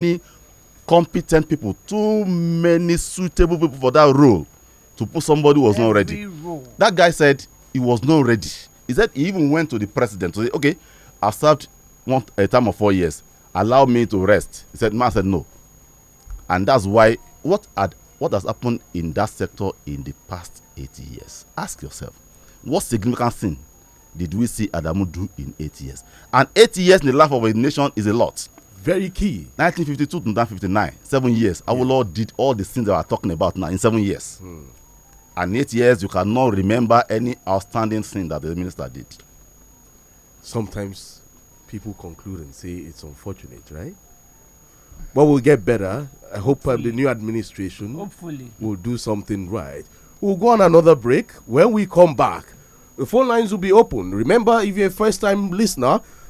many competent people, too many suitable people for that role to put somebody was not ready. Role. That guy said he was not ready. He said he even went to the president to say, okay, I served one, a term of four years. Allow me to rest. He said, man said no. And that's why what had what has happened in that sector in the past 80 years? Ask yourself, what significant thing did we see Adamu do in 80 years? And 80 years in the life of a nation is a lot very key. 1952 to 1959, seven years. Our Lord did all the things that we're talking about now in seven years. Hmm. And eight years, you cannot remember any outstanding thing that the minister did. Sometimes people conclude and say it's unfortunate, right? But we'll get better. I hope uh, the new administration Hopefully. will do something right. We'll go on another break. When we come back, the phone lines will be open. Remember, if you're a first time listener,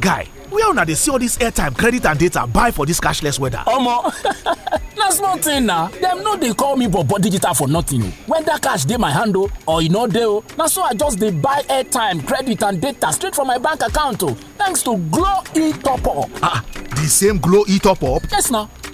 guy where una dey see all this airtime credit and data buy for this cashless weather. omo na small thing na dem no dey call me bobo digital for nothing o whether cash dey my hand o or e no dey o na so i just dey buy airtime credit and data straight from my bank account o thanks to glo e top up. ah the same glo e top up. yes na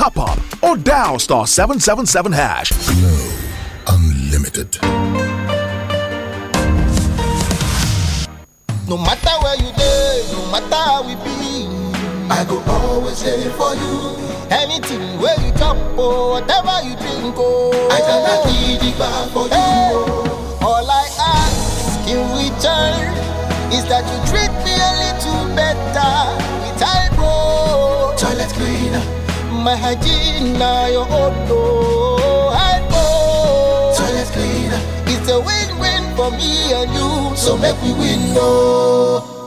top up, or dial star 777 hash. Glow Unlimited. No matter where you live, no matter how we be, I go always there for you. Anything where you chop or oh, whatever you drink, oh, I cannot need it back for hey. you. All I ask in return is that you treat Hypo. Toilet cleaner. It's a win-win for me and you, so make win, no.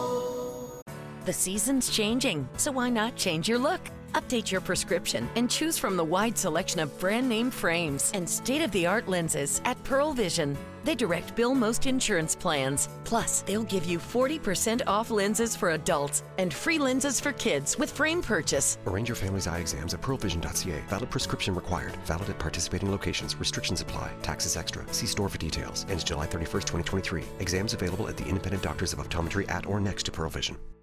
The season's changing, so why not change your look? Update your prescription and choose from the wide selection of brand name frames and state of the art lenses at Pearl Vision. They direct bill most insurance plans. Plus, they'll give you 40% off lenses for adults and free lenses for kids with frame purchase. Arrange your family's eye exams at pearlvision.ca. Valid prescription required. Valid at participating locations. Restrictions apply. Taxes extra. See store for details. Ends July 31st, 2023. Exams available at the independent doctors of optometry at or next to Pearl Vision.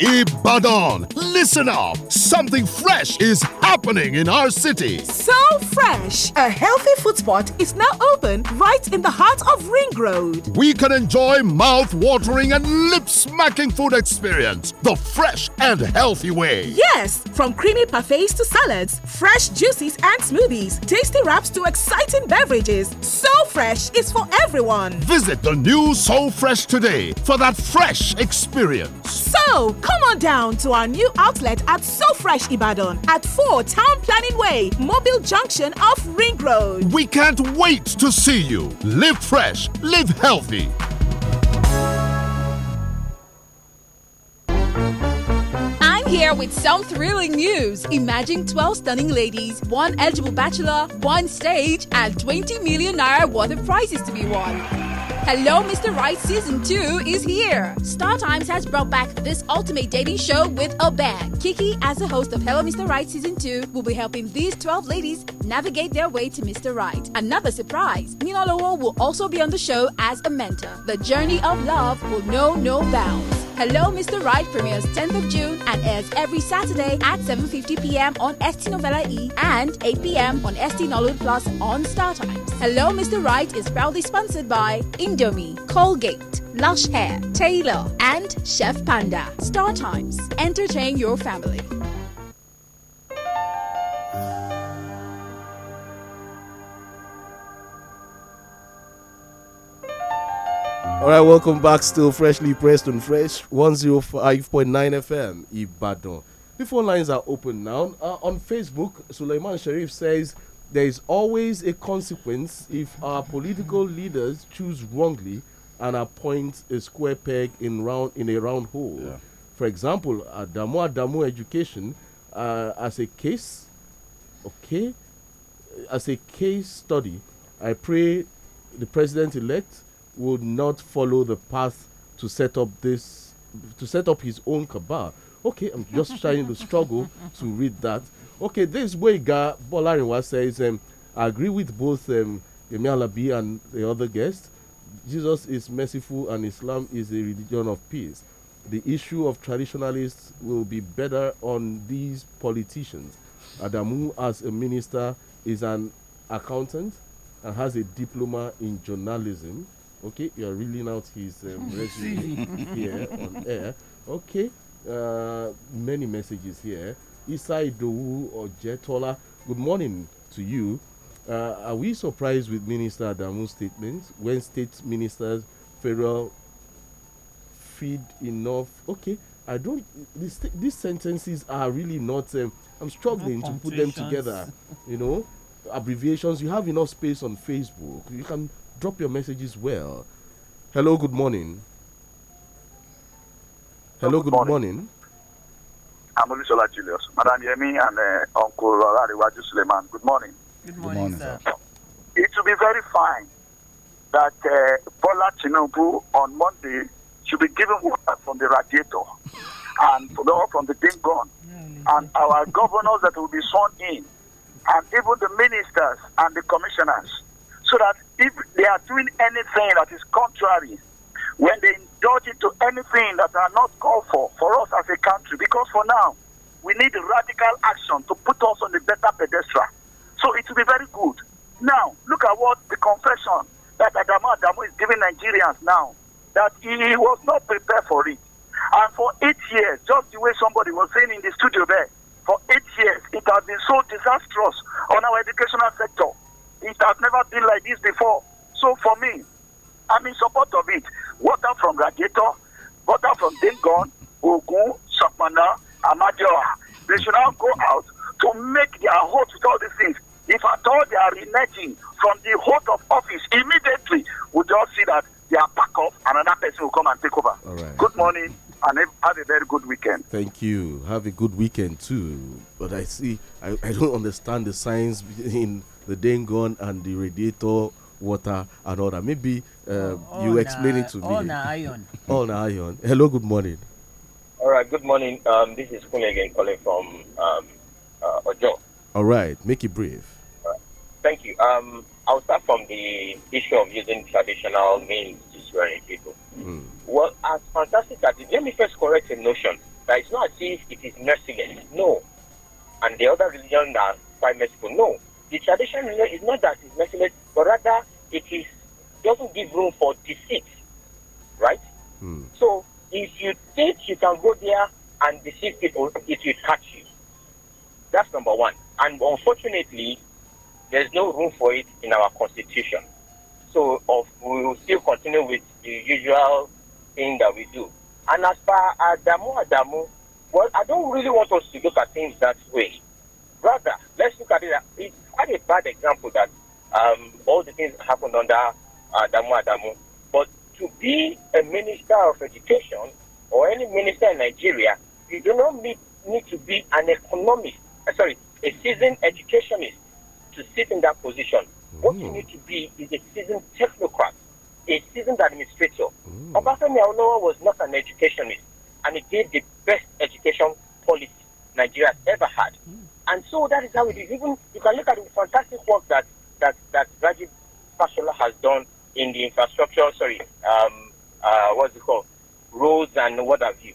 Ibadan. Listen up. Something fresh is happening in our city. So fresh. A healthy food spot is now open right in the heart of Ring Road. We can enjoy mouth-watering and lip-smacking food experience the fresh and healthy way. Yes, from creamy parfaits to salads, fresh juices and smoothies, tasty wraps to exciting beverages. So fresh is for everyone. Visit the new So Fresh today for that fresh experience. So Come on down to our new outlet at So Fresh Ibadan at 4 Town Planning Way, Mobile Junction off Ring Road. We can't wait to see you. Live fresh, live healthy. here with some thrilling news. Imagine 12 stunning ladies, one eligible bachelor, one stage, and 20 million naira worth of prizes to be won. Hello, Mr. Right Season 2 is here. Star Times has brought back this ultimate dating show with a bang. Kiki, as the host of Hello, Mr. Right Season 2, will be helping these 12 ladies navigate their way to Mr. Right. Another surprise, Nina Lowell will also be on the show as a mentor. The journey of love will know no bounds. Hello Mr. Right premieres 10th of June and airs every Saturday at 7.50 p.m. on ST Novella E and 8 p.m. on ST Nollywood Plus on Star Times. Hello Mr. Right is proudly sponsored by Indomie, Colgate, Lush Hair, Taylor and Chef Panda. Star Times, entertain your family. All right, welcome back. Still freshly pressed on Fresh 105.9 FM, Ibadan. The phone lines are open now. Uh, on Facebook, Suleiman Sharif says there is always a consequence if our political leaders choose wrongly and appoint a square peg in round in a round hole. Yeah. For example, Adamu Adamu Education uh, as a case, okay, as a case study. I pray the president-elect would not follow the path to set up this, to set up his own cabal. Okay, I'm just trying to struggle to read that. Okay, this way, Ga Bolarinwa says, um, I agree with both um, Yemi Alabi and the other guest. Jesus is merciful and Islam is a religion of peace. The issue of traditionalists will be better on these politicians. Adamu, as a minister, is an accountant and has a diploma in journalism. Okay, you're reeling out his um, resume here on air. Okay, uh, many messages here. Isai Dowu or Jetola, good morning to you. Uh, are we surprised with Minister Adamu's statements when state ministers federal feed enough? Okay, I don't. These these sentences are really not. Um, I'm struggling to put them together. you know, abbreviations. You have enough space on Facebook. You can drop your messages well. Hello, good morning. Hello, good, good morning. morning. I'm Olusola Julius. Madam Yemi and uh, Uncle Rariwaju Suleiman, good morning. Good morning, good morning sir. It will be very fine that uh, Bola Tinubu on Monday should be given water from the radiator and from the big gun. And our governors that will be sworn in, and even the ministers and the commissioners, so that if they are doing anything that is contrary, when they indulge into anything that are not called for for us as a country, because for now we need radical action to put us on a better pedestal. So it will be very good. Now, look at what the confession that Adama Adamu is giving Nigerians now, that he was not prepared for it. And for eight years, just the way somebody was saying in the studio there, for eight years, it has been so disastrous on our educational sector. It has never been like this before. So for me, I'm in support of it. Water from Radiator, water from Dingon, Ogun, Sapana, Amadioa. They should now go out to make their hopes with all these things. If at all they are reneging from the hope of office, immediately we just see that they are back off and another person will come and take over. Good morning and have a very good weekend. Thank you. Have a good weekend too. But I see, I, I don't understand the science in the Dengon and the radiator water and all that. Maybe uh, oh, you oh, explain na, it to me. On oh, iron. Oh, na iron. Hello, good morning. All right, good morning. Um, this is Kuni again calling from um, uh, Ojo. All right, make it brief. Thank you. Um, I'll start from the issue of using traditional means to swearing people. Well, as fantastic as it, let me first correct a notion that it's not as if it is merciless. No. And the other religion are quite merciful. No. The traditional religion is not that it's merciless, but rather it is doesn't give room for deceit. Right? Mm. So if you think you can go there and deceive people, it will catch you. That's number one. And unfortunately, there's no room for it in our constitution. So of, we will still continue with the usual thing that we do. And as far as Adamu Adamu, well, I don't really want us to look at things that way. Rather, let's look at it. It's quite a bad example that um, all the things happened under Adamu Adamu. But to be a minister of education or any minister in Nigeria, you do not need, need to be an economist, uh, sorry, a seasoned educationist to sit in that position. What you mm. need to be is a seasoned technocrat a seasoned administrator. Mm. Obafemi Awolowo was not an educationist, and he gave the best education policy Nigeria has ever had. Mm. And so that is how it is. Even you can look at the fantastic work that that that Rajiv Fashola has done in the infrastructure. Sorry, um, uh, what's it called? Roads and what have you.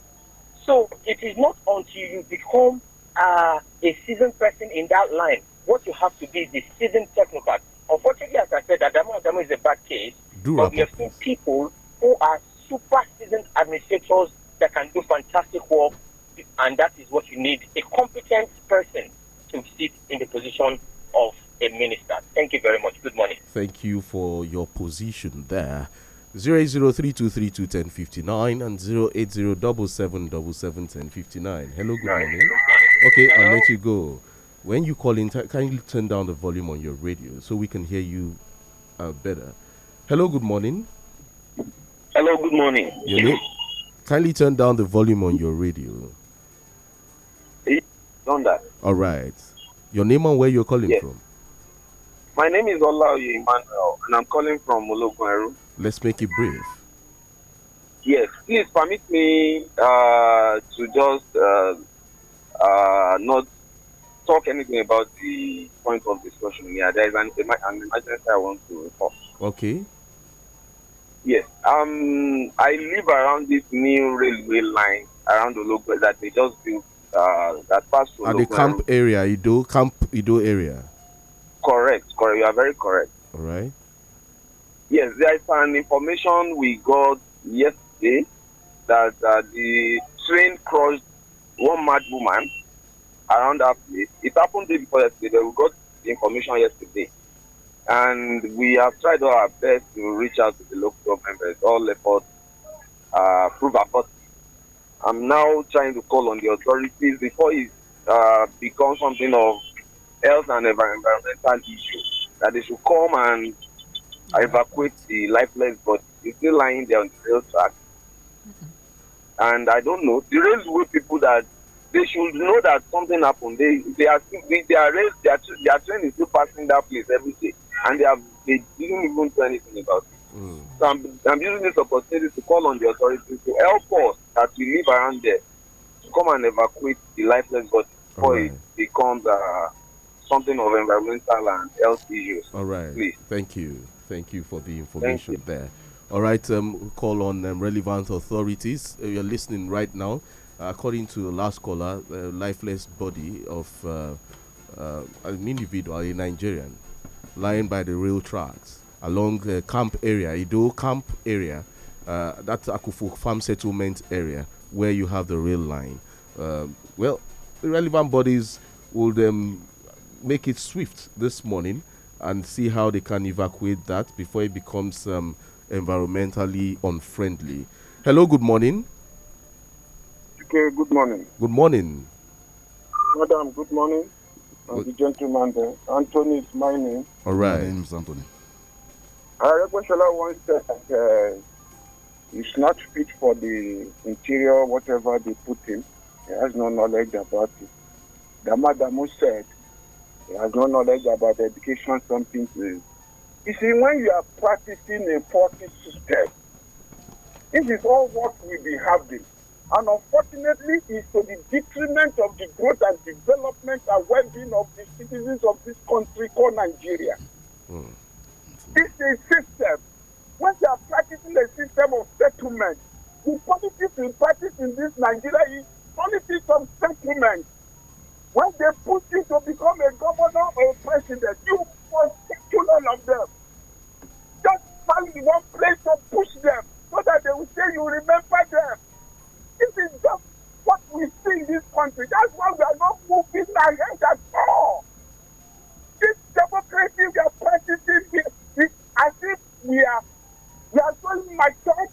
So it is not until you become uh, a seasoned person in that line what you have to be the seasoned technocrat. Unfortunately, as I said, Adamu Adamu is a bad case do but we have seen people who are super seasoned administrators that can do fantastic work, and that is what you need a competent person to sit in the position of a minister. Thank you very much. Good morning. Thank you for your position there. Zero eight zero three two three two ten fifty nine and zero eight zero double seven double seven ten fifty nine. Hello, good morning. Okay, Hello. I'll let you go. When you call in, kindly turn down the volume on your radio so we can hear you uh, better. Hello, good morning. Hello, good morning. You know, kindly turn down the volume on your radio. Done that. All right. Your name and where you're calling yes. from? My name is Olaoye Emmanuel, and I'm calling from Ologweru. Let's make it brief. Yes, please permit me uh, to just uh, uh, not talk anything about the point of discussion here. There is an, an emergency I want to report. Okay. Yes. Um, I live around this new railway line around the local that they just built uh, that pass through. At the camp area, you do camp, you do area. Correct. Correct. You are very correct. All right. Yes, there is an information we got yesterday that uh, the train crossed one mad woman around that place. It happened day before yesterday. We got the information yesterday. And we have tried all our best to reach out to the local government. All efforts uh, prove effort. I'm now trying to call on the authorities before it uh, becomes something of health and environmental issue that they should come and evacuate the lifeless But It's still lying there on the rail track. Mm-hmm. And I don't know. The railway people that they should know that something happened. They they are they are raised, their their train is still passing that place every day and they have they didn't even do anything about it. Mm. So I'm, I'm, using this opportunity to call on the authorities to help us that we live around there to come and evacuate the lifeless body before right. it becomes uh, something of environmental and health issues. All right. Please. Thank you. Thank you for the information there. All right, um, call on um, relevant authorities. Uh, you're listening right now. Uh, according to the last caller, a uh, lifeless body of uh, uh, an individual, a Nigerian, lying by the rail tracks along the camp area, Ido camp area. Uh, that's Akufu farm settlement area where you have the rail line. Um, well, the relevant bodies will um, make it swift this morning and see how they can evacuate that before it becomes um, environmentally unfriendly. Hello, good morning. Okay, good morning. Good morning. Madam, good morning the gentleman there. Anthony is my name. All right. My name is Anthony. Arekweshala uh, once said that uh, he's not fit for the interior, whatever they put him. He has no knowledge about it. Damadamu said he has no knowledge about education, something to You see, when you are practicing a faulty system, this is all what we be having. And unfortunately, it's to the detriment of the growth and development and well being of the citizens of this country called Nigeria. Mm. This is a system. When they are practicing a system of settlement, the politics we practice in this Nigeria is politics of settlement. When they push you to become a governor or a president, you must kill all of them. Just find one place to push them so that they will say you remember them. This is just what we see in this country. That's why we are not moving ahead at all. This democracy we are practicing here is as if we are we are so mature.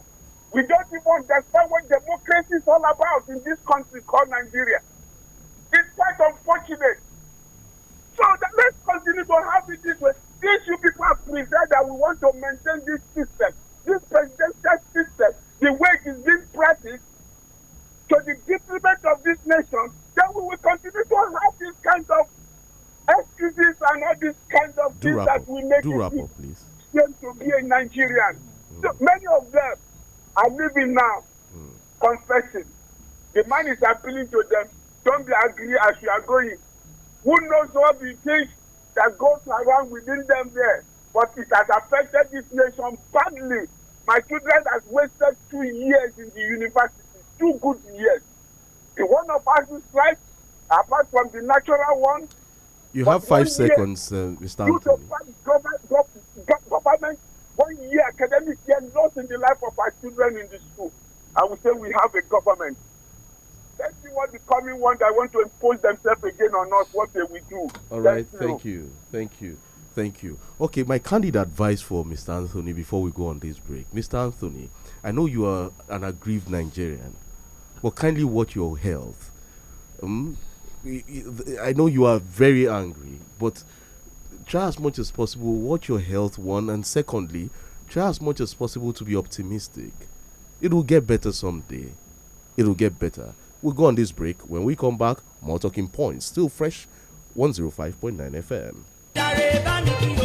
We don't even understand what democracy is all about in this country called Nigeria. It's quite unfortunate. So that, let's continue to have it this way. These you people have presented that we want to maintain this system, this presidential system, the way it is being practiced to the detriment of this nation, then we will continue to have these kinds of excuses and all these kinds of Do things that we make Do it up, please. shame to be a Nigerian. Mm. So many of them are living now, mm. confessing. The man is appealing to them, don't be angry as you are going. Who knows what the things that goes around within them there? But it has affected this nation badly. My children has wasted two years in the university two good years. The one of us is right, apart from the natural one. You have five seconds, uh, Mr. Due to government, government, one year academic year lost in the life of our children in the school. I would say we have a government. Let's see what the coming one? that want to impose themselves again on us, what they will do. All right, Let's thank know. you. Thank you. Thank you. Okay, my candid advice for Mr. Anthony before we go on this break. Mr. Anthony, I know you are an aggrieved Nigerian kindly watch your health. Um, I know you are very angry, but try as much as possible, watch your health, one, and secondly, try as much as possible to be optimistic. It will get better someday. It will get better. We'll go on this break. When we come back, more talking points. Still fresh 105.9 FM.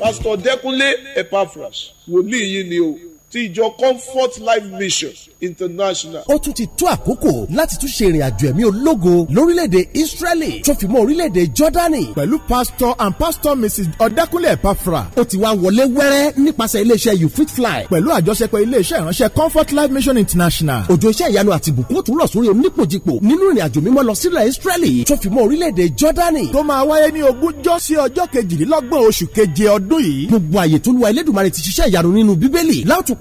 Pastor Dekunle Epaphras, will lead you. ti ìjọ Comfort Life Mission International. ó tún ti tó àkókò láti tún ṣe ìrìnàjò ẹ̀mí ológo lórílẹ̀‐èdè Israeli tó fi mọ́ orílẹ̀‐èdè Jordani. pẹ̀lú pastor and pastor Mrs. Ọ̀dẹ́kúnlé Epafra ó ti wá wọlé wẹ́rẹ́ nípasẹ̀ iléeṣẹ́ You Fit Fly pẹ̀lú àjọṣepọ̀ iléeṣẹ́ ìránṣẹ́ Comfort Life Mission International. òjò iṣẹ́ ìyanu àti ìbùkún tún lọ sórí onípòjìpò nínú ìrìnàjò mímọ́ lọ sílẹ̀ Israeli tó fi mọ́ orílẹ̀‐èdè Jordani. tó máa wáyé ní ogúnjọ́ sí ọjọ́ kejìlélọ́gbọ̀n oṣù keje ọdún yìí. gbogbo àyè tó lu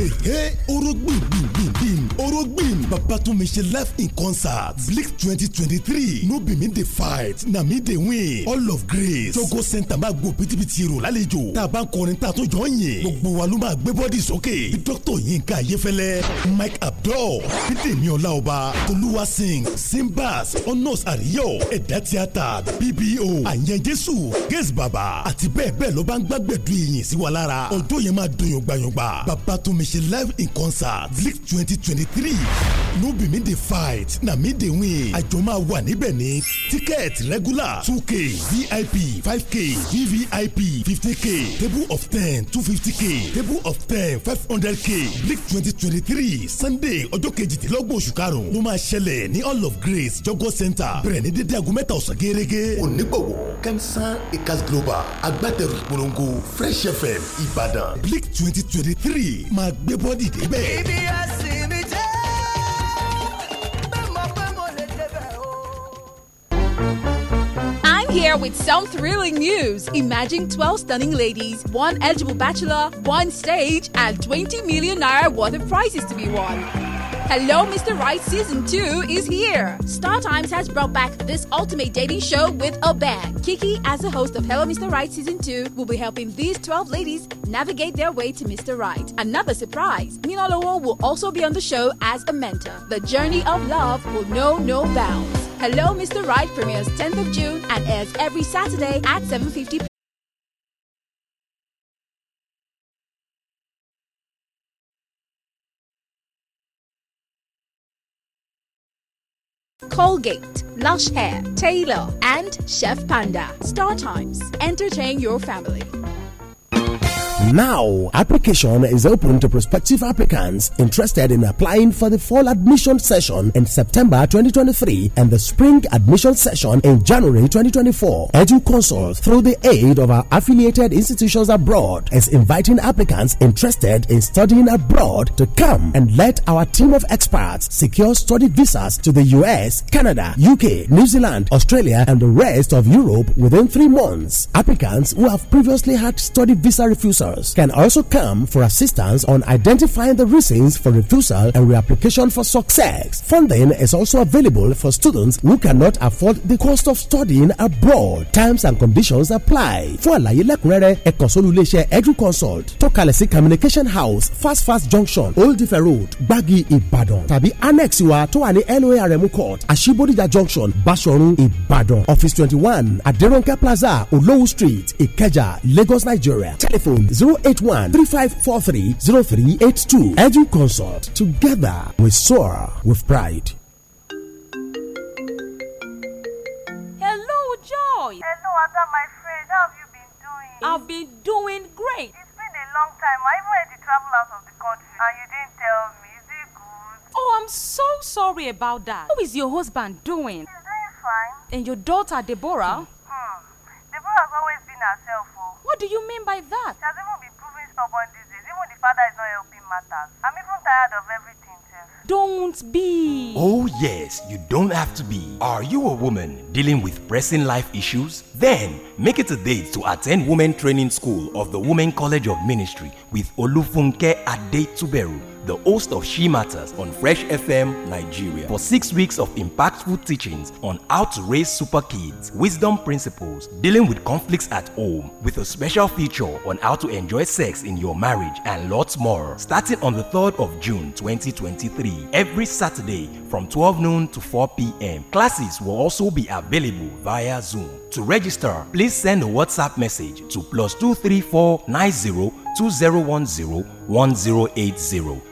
èhé oró gbìngbìngbìn orogbin babatunmise live in concert blix twenty twenty three no be me dey fight na me dey win all of grace jogo center máa gbó pitipiti rò lálejò tá a bá ń kọrin tá a tó jọ ń yìn gbogbo wa ló máa gbé bọ́dì sókè bí dókítà yinka ayefẹlẹ mike abdul bídèmí ọláọba tolúwa sing simbas honours àríyọ ẹ̀dá tíátà bbo àyẹn jésù gẹ́sì bàbá àti bẹ́ẹ̀ bẹ́ẹ̀ ló bá ń gbàgbẹ́dù ìyìn sí wa lára ọjọ́ yẹn máa dùn yọ̀gbàyọ̀gbà babatunmise live in concert blix twenty twenty the three no be me dey fight na me dey win àjọ wa wà níbẹ̀ ní tíkẹ́ẹ̀tì regular two k vip five k vvip fifty k table of ten two fifty k table of ten five hundred k league twenty twenty three sunday ọjọ́ kejìdínlọ́gbọ̀n oṣù karùn-ún ló máa ṣẹlẹ̀ ní all of grace jọgọ center bẹ̀rẹ̀ ní dédé aago mẹ́ta ọ̀sán gẹ́gẹ́. onígbọ̀wọ́ kẹ́mísán ecas global agbátẹrù ìpolongo fresh fm ìbàdàn league twenty twenty three máa gbé bọ́ọ̀dì débẹ̀. ibi àsè. Here with some thrilling news. Imagine 12 stunning ladies, one eligible bachelor, one stage, and 20 million naira worth of prizes to be won. Hello, Mr. Right Season 2 is here. Star Times has brought back this ultimate dating show with a bang. Kiki, as the host of Hello, Mr. Right Season 2, will be helping these 12 ladies navigate their way to Mr. Right. Another surprise, Nina Loo will also be on the show as a mentor. The journey of love will know no bounds. Hello, Mr. Right premieres 10th of June and airs every Saturday at 7.50 p.m. Colgate, Lush Hair, Taylor, and Chef Panda. Star Times. Entertain your family. Now, application is open to prospective applicants interested in applying for the fall admission session in September 2023 and the spring admission session in January 2024. EduConsult, through the aid of our affiliated institutions abroad, is inviting applicants interested in studying abroad to come and let our team of experts secure study visas to the US, Canada, UK, New Zealand, Australia, and the rest of Europe within three months. Applicants who have previously had study visa refusal consumers can also come for assistance on identifying the reasons for refusal and reapplication for success. Funding is also available for students who cannot afford the cost of studying abroad. Times and conditions apply. For àlàyé lẹ́kùnrẹ́rẹ́ ẹ kàn sólú iléeṣẹ́ educonsult tó kalẹ̀ communication house fast fast junction old ife road gbági ìbàdàn tàbí annex wa tó wà ní court àṣìbódìjà junction basọ̀run ìbàdàn office twenty one adérónkẹ́ plaza olówó street ìkẹjà lagos nigeria telephone zero. Zero eight one three five four three zero three eight two Edu Consult. Together we soar with pride. Hello, Joy. Hello, Ada, my friend. How have you been doing? I've been doing great. It's been a long time. I even had to travel out of the country and you didn't tell me. Is it good? Oh, I'm so sorry about that. How is your husband doing? He's doing fine. And your daughter, Deborah? Hmm. Deborah's always been herself. What do you mean by that? She has even been proving stubborn these days. Even the father is not helping matters. I'm even tired of everything, Jeff. Don't be. Oh, yes, you don't have to be. Are you a woman dealing with pressing life issues? Then make it a date to attend Women Training School of the Women College of Ministry with Olufunke Adetuberu the host of She Matters on Fresh FM Nigeria, for six weeks of impactful teachings on how to raise super kids, wisdom principles, dealing with conflicts at home, with a special feature on how to enjoy sex in your marriage, and lots more. Starting on the 3rd of June 2023, every Saturday from 12 noon to 4 p.m. Classes will also be available via Zoom. To register, please send a WhatsApp message to plus 234 90 2010 1080.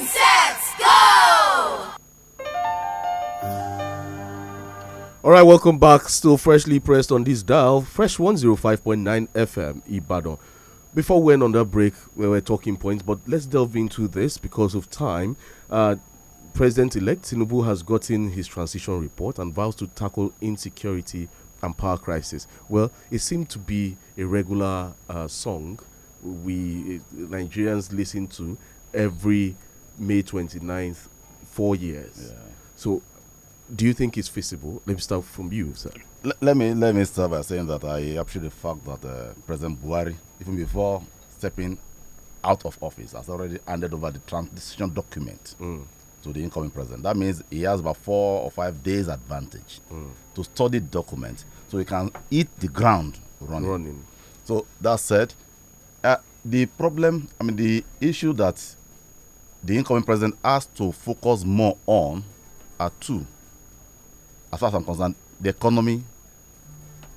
All right, welcome back. Still freshly pressed on this dial, Fresh 105.9 FM, Ibadan. Before we went on that break, we were talking points, but let's delve into this because of time. Uh, President elect Tinubu has gotten his transition report and vows to tackle insecurity and power crisis. Well, it seemed to be a regular uh, song we uh, Nigerians listen to every May 29th, four years. Yeah. So do you think it's feasible? Let me start from you, sir. L let me let me start by saying that I appreciate the fact that uh, President Buhari, even before stepping out of office, has already handed over the transition document mm. to the incoming president. That means he has about four or five days advantage mm. to study the document, so he can hit the ground running. running. So that said, uh, the problem, I mean, the issue that the incoming president has to focus more on are two as far as I'm concerned, the economy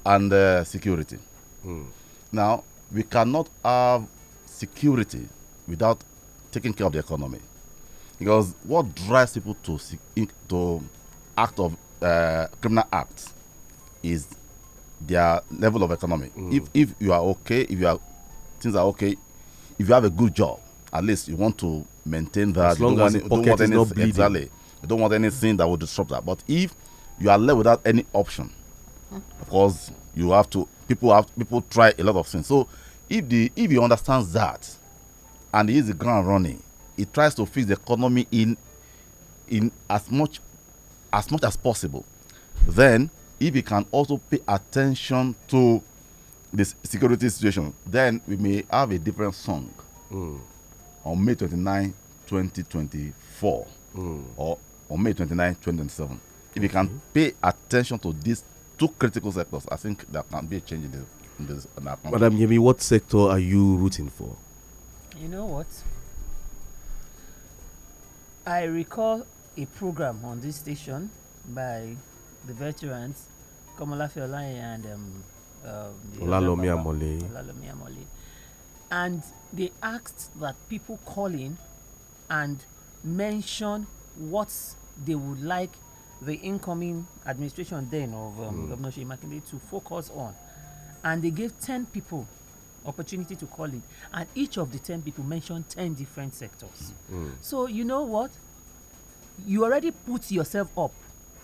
and uh, security. Mm. Now, we cannot have security without taking care of the economy. Because what drives people to, to act of uh, criminal acts is their level of economy. Mm. If, if you are okay, if you are, things are okay, if you have a good job, at least you want to maintain that. As long as pocket is not bleeding. Exactly. You don't want anything that will disrupt that. But if you are left without any option because you have to people have people try a lot of things so if the if he understands that and he is the ground running he tries to fix the economy in in as much as much as possible then if he can also pay attention to this security situation then we may have a different song mm. on may 29 2024 mm. or on may 29 2027 if you can pay attention to these two critical sectors, I think there can be a change in this. In this in Madam Yemi, what sector are you rooting for? You know what? I recall a program on this station by the veterans, Kamala Fiolai and um, um, Olalomi Amole. And they asked that people call in and mention what they would like the incoming administration then of um, mm. Governor Shea Makinde to focus on. And they gave 10 people opportunity to call it. And each of the 10 people mentioned 10 different sectors. Mm. So you know what? You already put yourself up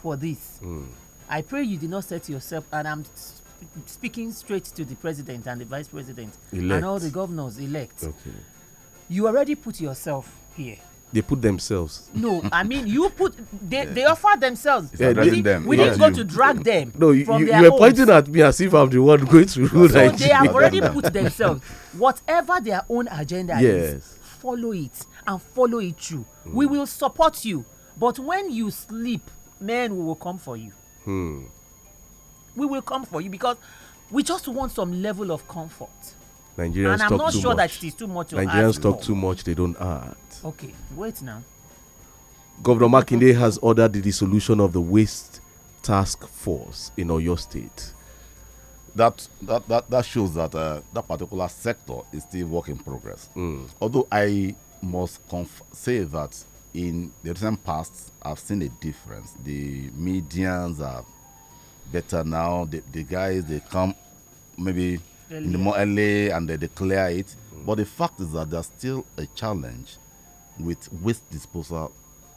for this. Mm. I pray you did not set yourself, and I'm speaking straight to the president and the vice president elect. and all the governors elect. Okay. You already put yourself here they put themselves. No, I mean you put they, they offer themselves. Yeah, we didn't, them. We didn't go to drag them. No, you, you were homes. pointing at me as if I'm the one going to rule. So Nigeria. they have already put themselves. Whatever their own agenda yes. is, follow it and follow it through. Mm. We will support you, but when you sleep, men will come for you. Hmm. We will come for you because we just want some level of comfort. Nigerians and I'm talk not too sure much. that it is too much. Nigerians talk more. too much, they don't act. Okay, wait now. Governor Makinde has ordered the dissolution of the waste task force in Oyo State. That that that, that shows that uh, that particular sector is still work in progress. Mm. Although I must say that in the recent past, I've seen a difference. The medians are better now. The, the guys they come maybe early. in the more early and they declare it. Mm. But the fact is that there's still a challenge with waste disposal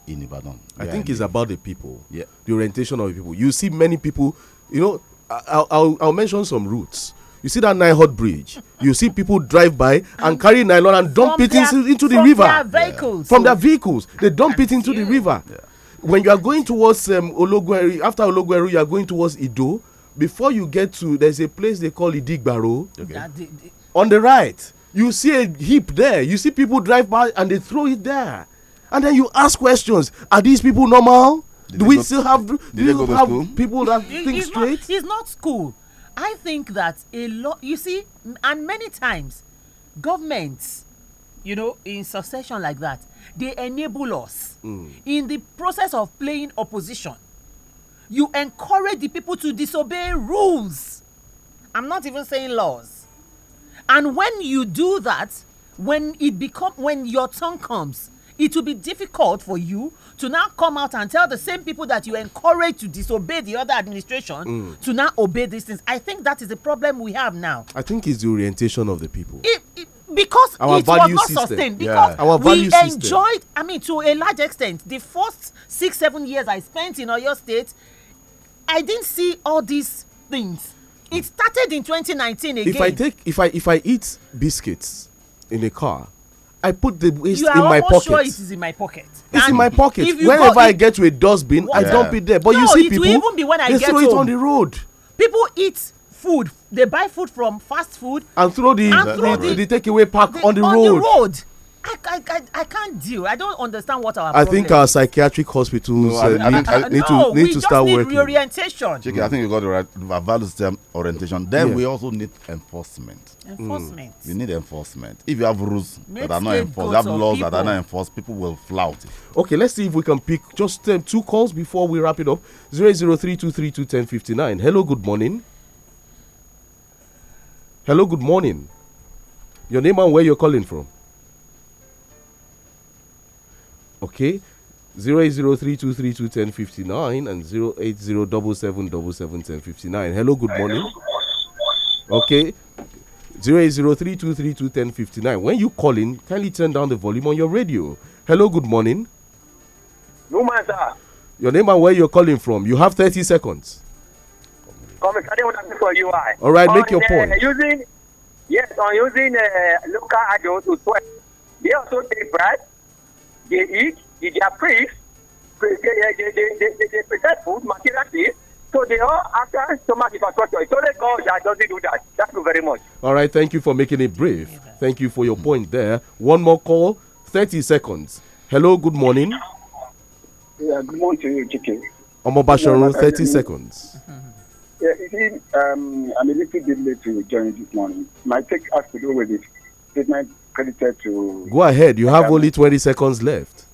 in Ibadan. I think I it's about the people, yeah. the orientation of the people. You see many people, you know, I'll, I'll, I'll mention some routes. You see that Nile Bridge. You see people drive by and, carry nylon and dump it their, into, the river. Their vehicles. Yeah. From their vehicles. They dump and it into you. the river. Yeah. When you are going towards um, Ologueru, after Ologueru, you are going towards Ido before you get to there's a place they call Idigbaro. Okay. On the right, you see a heap there. You see people drive by and they throw it there, and then you ask questions: Are these people normal? Did do we go, still have do have school? people that think it's straight? Not, it's not school. I think that a lot. You see, and many times, governments, you know, in succession like that, they enable us mm. in the process of playing opposition you encourage the people to disobey rules. I'm not even saying laws. And when you do that, when it become when your turn comes, it will be difficult for you to now come out and tell the same people that you encourage to disobey the other administration mm. to now obey these things. I think that is the problem we have now. I think it's the orientation of the people. It, it, because our it was not system. sustained because yeah. we enjoyed system. i mean to a large extent the first six seven years i spent in oyo state I didn't see all these things. It started in 2019 again. If I take if I if I eat biscuits in a car, I put the waste in my pocket. You are sure it is in my pocket. It's and in my pocket. Whenever go, I get to a dustbin, what? I yeah. dump it there. But no, you see people, even be when I they get throw home. it on the road. People eat food. They buy food from fast food and throw the and throw the, the, the takeaway pack the, on the on road. The road I, I, I, I can't deal. I don't understand what our. I think our psychiatric hospitals no, uh, I, need, I, need no, to need to start need working. reorientation. Chiki, mm. I think you got the right value system orientation. Then yeah. we also need enforcement. Enforcement. Mm. We need enforcement. If you have rules Make that are not enforced, you have laws people. that are not enforced, people will flout it. Okay, let's see if we can pick just um, two calls before we wrap it up. Zero zero three two three two ten fifty nine. Hello, good morning. Hello, good morning. Your name and where you're calling from. Okay. 08032321059 and 08077771059. Hello, good morning. Okay. 08032321059. When you call in, kindly turn down the volume on your radio. Hello, good morning. No matter. Your name and where you're calling from. You have 30 seconds. All right, on make your uh, point. Using, yes, I'm using uh, local adult to 12. They also take bribes they eat, they, they are priests, they, they, they, they, they, they present food, material things. So they all after stomach infrastructure. It's only God that doesn't do that. Thank you very much. All right, thank you for making it brief. Thank you for your point there. One more call, 30 seconds. Hello, good morning. Yeah, good morning to you, Omo Omobasharo, 30 seconds. Yeah, you see, um, I'm a little bit late to join this morning. My take has to do with the statement credited to. Go ahead. You Adamu. have only 20 seconds left.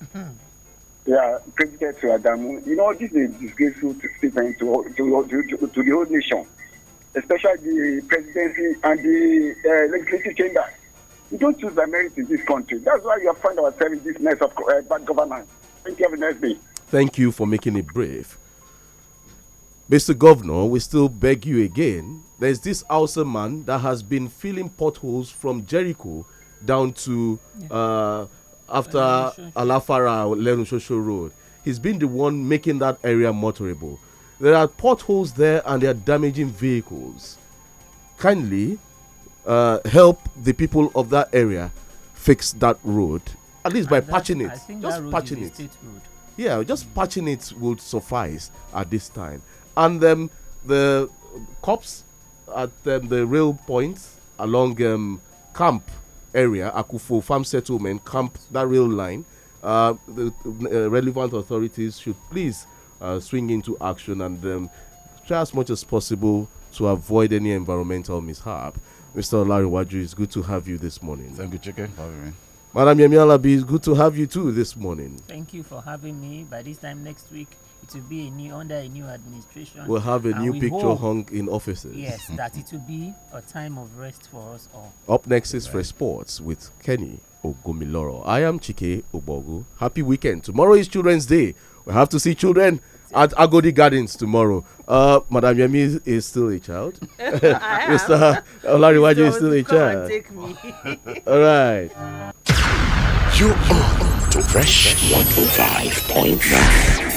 yeah, credited to Adamu. You know, this is disgraceful statement to, to, to, to, the whole nation, especially the presidency and the uh, legislative chamber. We don't choose the merit in this country. That's why you find ourselves in this mess of uh, bad governance. Thank you. Have a nice day. Thank you for making it brief. Mr. Governor, we still beg you again. There's this awesome man that has been filling potholes from Jericho down to uh, after Alafara Lenusosho Road. He's been the one making that area motorable. There are potholes there and they are damaging vehicles. Kindly uh, help the people of that area fix that road, at least and by patching it. just patching it. Yeah, just mm. patching it would suffice at this time. And then um, the cops at um, the rail points along um, Camp area, Akufo Farm Settlement, Camp, that rail line, uh, the uh, relevant authorities should please uh, swing into action and um, try as much as possible to avoid any environmental mishap. Mr. Larry Waju, it's good to have you this morning. Thank you, Chicken. Madam Yemi Alabi, it's good to have you too this morning. Thank you for having me. By this time next week, to be new, under a new administration. We'll have a new picture hung in offices. Yes, that it will be a time of rest for us all. Up next is Fresh Sports with Kenny Ogumiloro. I am Chike Obogu. Happy weekend. Tomorrow is Children's Day. We have to see children at Agodi Gardens tomorrow. Uh, Madam Yemi is still a child. Mr. Olariwaju is still a child. Take me. All right. You are on to Fresh 105.9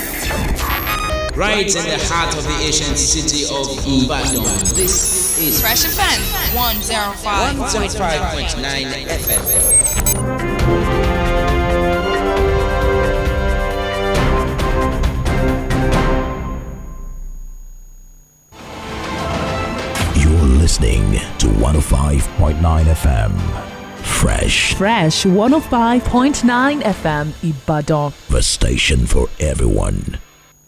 right in the heart of the ancient city of Ibadan. This is Fresh Offense 105.9 you FM. listening to 105.9 FM. Fresh. Fresh 105.9 FM Ibadan. The station for everyone.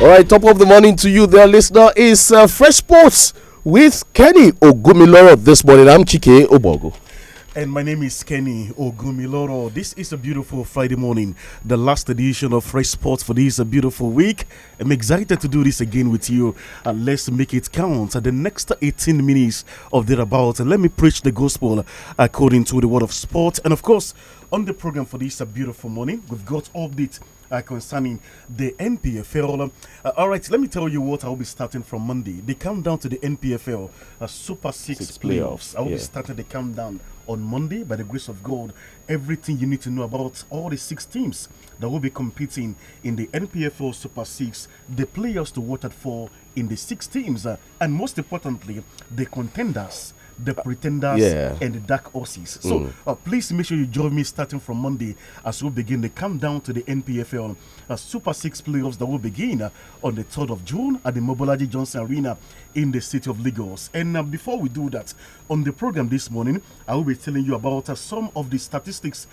All right, top of the morning to you, there, listener, is uh, Fresh Sports with Kenny Ogumiloro this morning. I'm Chike Obogo. And my name is Kenny Ogumiloro. This is a beautiful Friday morning, the last edition of Fresh Sports for this uh, beautiful week. I'm excited to do this again with you. And let's make it count. the next 18 minutes of thereabouts, let me preach the gospel according to the word of sport. And of course, on the program for this uh, beautiful morning, we've got updates uh, concerning the NPFL. Uh, all right, let me tell you what I'll be starting from Monday. The countdown to the NPFL uh, Super Six, Six playoffs. playoffs. I will yeah. be starting the countdown on Monday by the grace of God. Everything you need to know about all the six teams that will be competing in the NPFL Super Six, the players to watch out for in the six teams, uh, and most importantly, the contenders the uh, Pretenders, yeah. and the Dark Horses. So mm. uh, please make sure you join me starting from Monday as we begin the countdown to the NPFL uh, Super Six playoffs that will begin uh, on the 3rd of June at the Mobolaji Johnson Arena in the city of Lagos. And uh, before we do that, on the program this morning, I will be telling you about uh, some of the statistics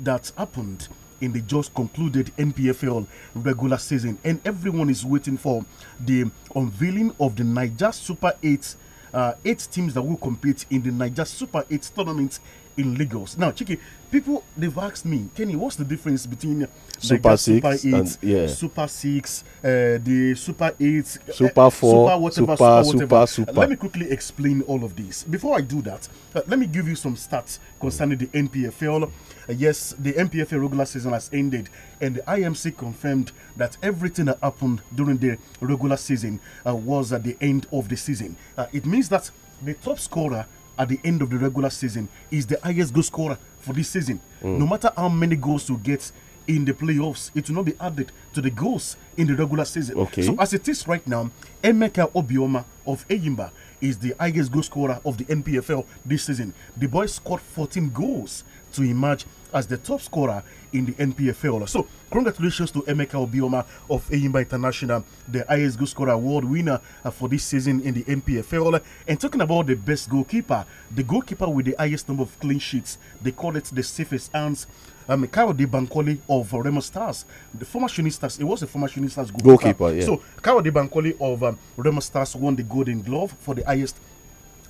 that happened in the just concluded NPFL regular season, and everyone is waiting for the unveiling of the Niger Super 8 uh, eight teams that will compete in the Niger Super 8 tournament in Lagos. Now, Chiki, people they've asked me, Kenny, what's the difference between Super like Six, Super Eight, and, yeah. Super Six, uh, the Super Eight, uh, Super uh, Four, Super whatever, Super Super, whatever. Super. Let me quickly explain all of this. Before I do that, uh, let me give you some stats concerning the NPFL. Uh, yes, the NPFL regular season has ended, and the IMC confirmed that everything that happened during the regular season uh, was at the end of the season. it means that the top scorer at the end of the regular season is the highest goal scorer for this season. Mm. No matter how many goals you get in the playoffs, it will not be added to the goals in the regular season. Okay. So as it is right now, Emeka Obioma of Eyimba is the highest goal scorer of the NPFL this season. The boy scored 14 goals to emerge as the top scorer in the NPFL. So, congratulations to Emeka Obioma of Eyimba International, the highest goal scorer award winner uh, for this season in the NPFL. And talking about the best goalkeeper, the goalkeeper with the highest number of clean sheets, they call it the safest hands. Um, Karo De Bancoli of uh, Remo Stars, the former Shooting Stars, it was a former Shooting Stars goalkeeper. goalkeeper yeah. So, Karo De Bancoli of um, Remo Stars won the Golden Glove for the highest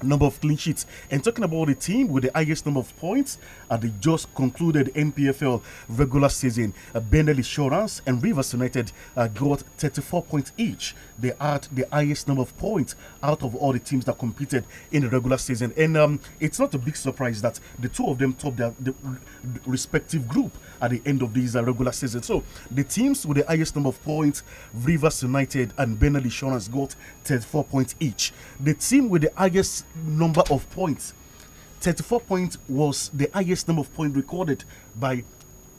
number of clean sheets. And talking about the team with the highest number of points at uh, the just concluded NPFL regular season, uh, Bendel Insurance and Rivers United uh, got 34 points each. They had the highest number of points out of all the teams that competed in the regular season. And um, it's not a big surprise that the two of them topped their the respective group at the end of this uh, regular season. So the teams with the highest number of points, Rivers United and Bendel Insurance, got 34 points each. The team with the highest number of points. 34 points was the highest number of points recorded by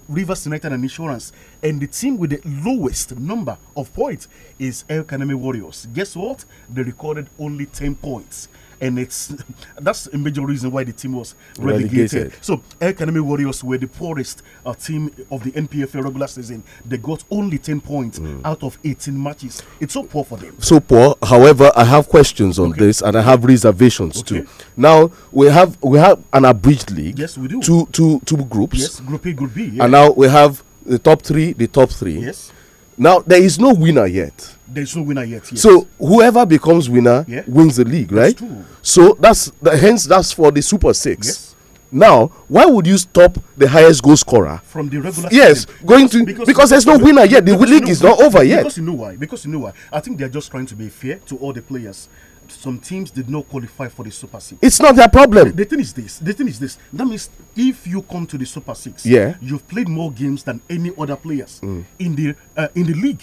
Rivers United and Insurance. And the team with the lowest number of points is El Kaneme Warriors. Guess what? They recorded only 10 points and it's that's a major reason why the team was relegated. relegated. So, Air Academy Warriors were the poorest uh, team of the NPF regular season. They got only 10 points mm. out of 18 matches. It's so poor for them. So poor. However, I have questions on okay. this and I have reservations okay. too. Now, we have we have an abridged league. Yes, we do. Two two two groups. Yes, group A, group B. Yeah. And now we have the top 3, the top 3. Yes. Now, there is no winner yet there's no winner yet. So whoever becomes winner yeah. wins the league, right? That's so that's the, hence that's for the Super Six. Yes. Now, why would you stop the highest goal scorer from the regular? Yes, going to because, because there's no winner yet. The league you know, is not over yet. Because you know why? Because you know why? I think they're just trying to be fair to all the players some teams did not qualify for the Super Six. It's not their problem. The, the, thing is this. The thing is this. That means if you come to the Super Six, yeah, you've played more games than any other players mm. in the uh, in the league.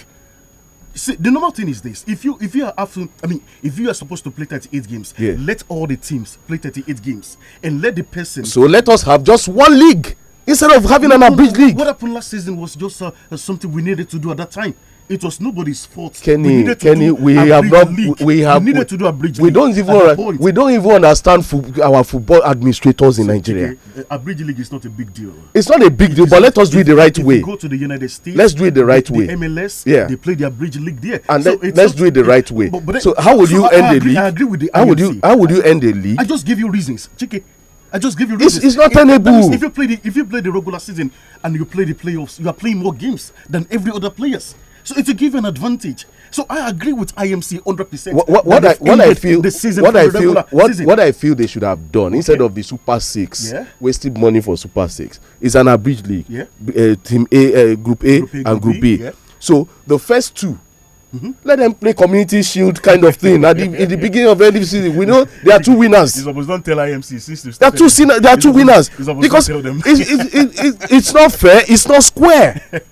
See, the normal thing is this: if you if you are after, I mean, if you are supposed to play thirty-eight games, yeah. let all the teams play thirty-eight games, and let the person. So let us have just one league instead of having no, an abridged no, league. What happened last season was just uh, something we needed to do at that time it was nobody's fault. Kenny, we Kenny, we have not. League. We have. We needed to do a bridge. We don't even. We don't even understand fo our football administrators in Nigeria. a bridge league is not a big deal. It's not a big it deal, but let us do it the right way. Go to the United States. Let's do it the right the, way. The MLS. Yeah. They play their bridge league there. And so let, us do it the right way. But, but then, so how would so you I, end I agree, the league? I agree with the. How would you? How would you end the league? I just give you reasons, Chike. I just give you reasons. It's, it's not tenable. If you play the if you play the regular season and you play the playoffs, you are playing more games than every other players. So it's a given advantage. So I agree with IMC 100%. What, what, what I, what I feel, the season what I feel, what, season. what I feel they should have done okay. instead of the Super Six, yeah. wasted money for Super Six. It's an abridged league. Yeah. Uh, team A, uh, Group A, group a and Group B. B. Yeah. So the first two Mm-hmm. let them play community shield kind of thing at the, in the beginning of every season we know there are two winners he's supposed don't tell imc since there are two sinner, there are two winners because it's, it's, it's, it's, not fair it's not square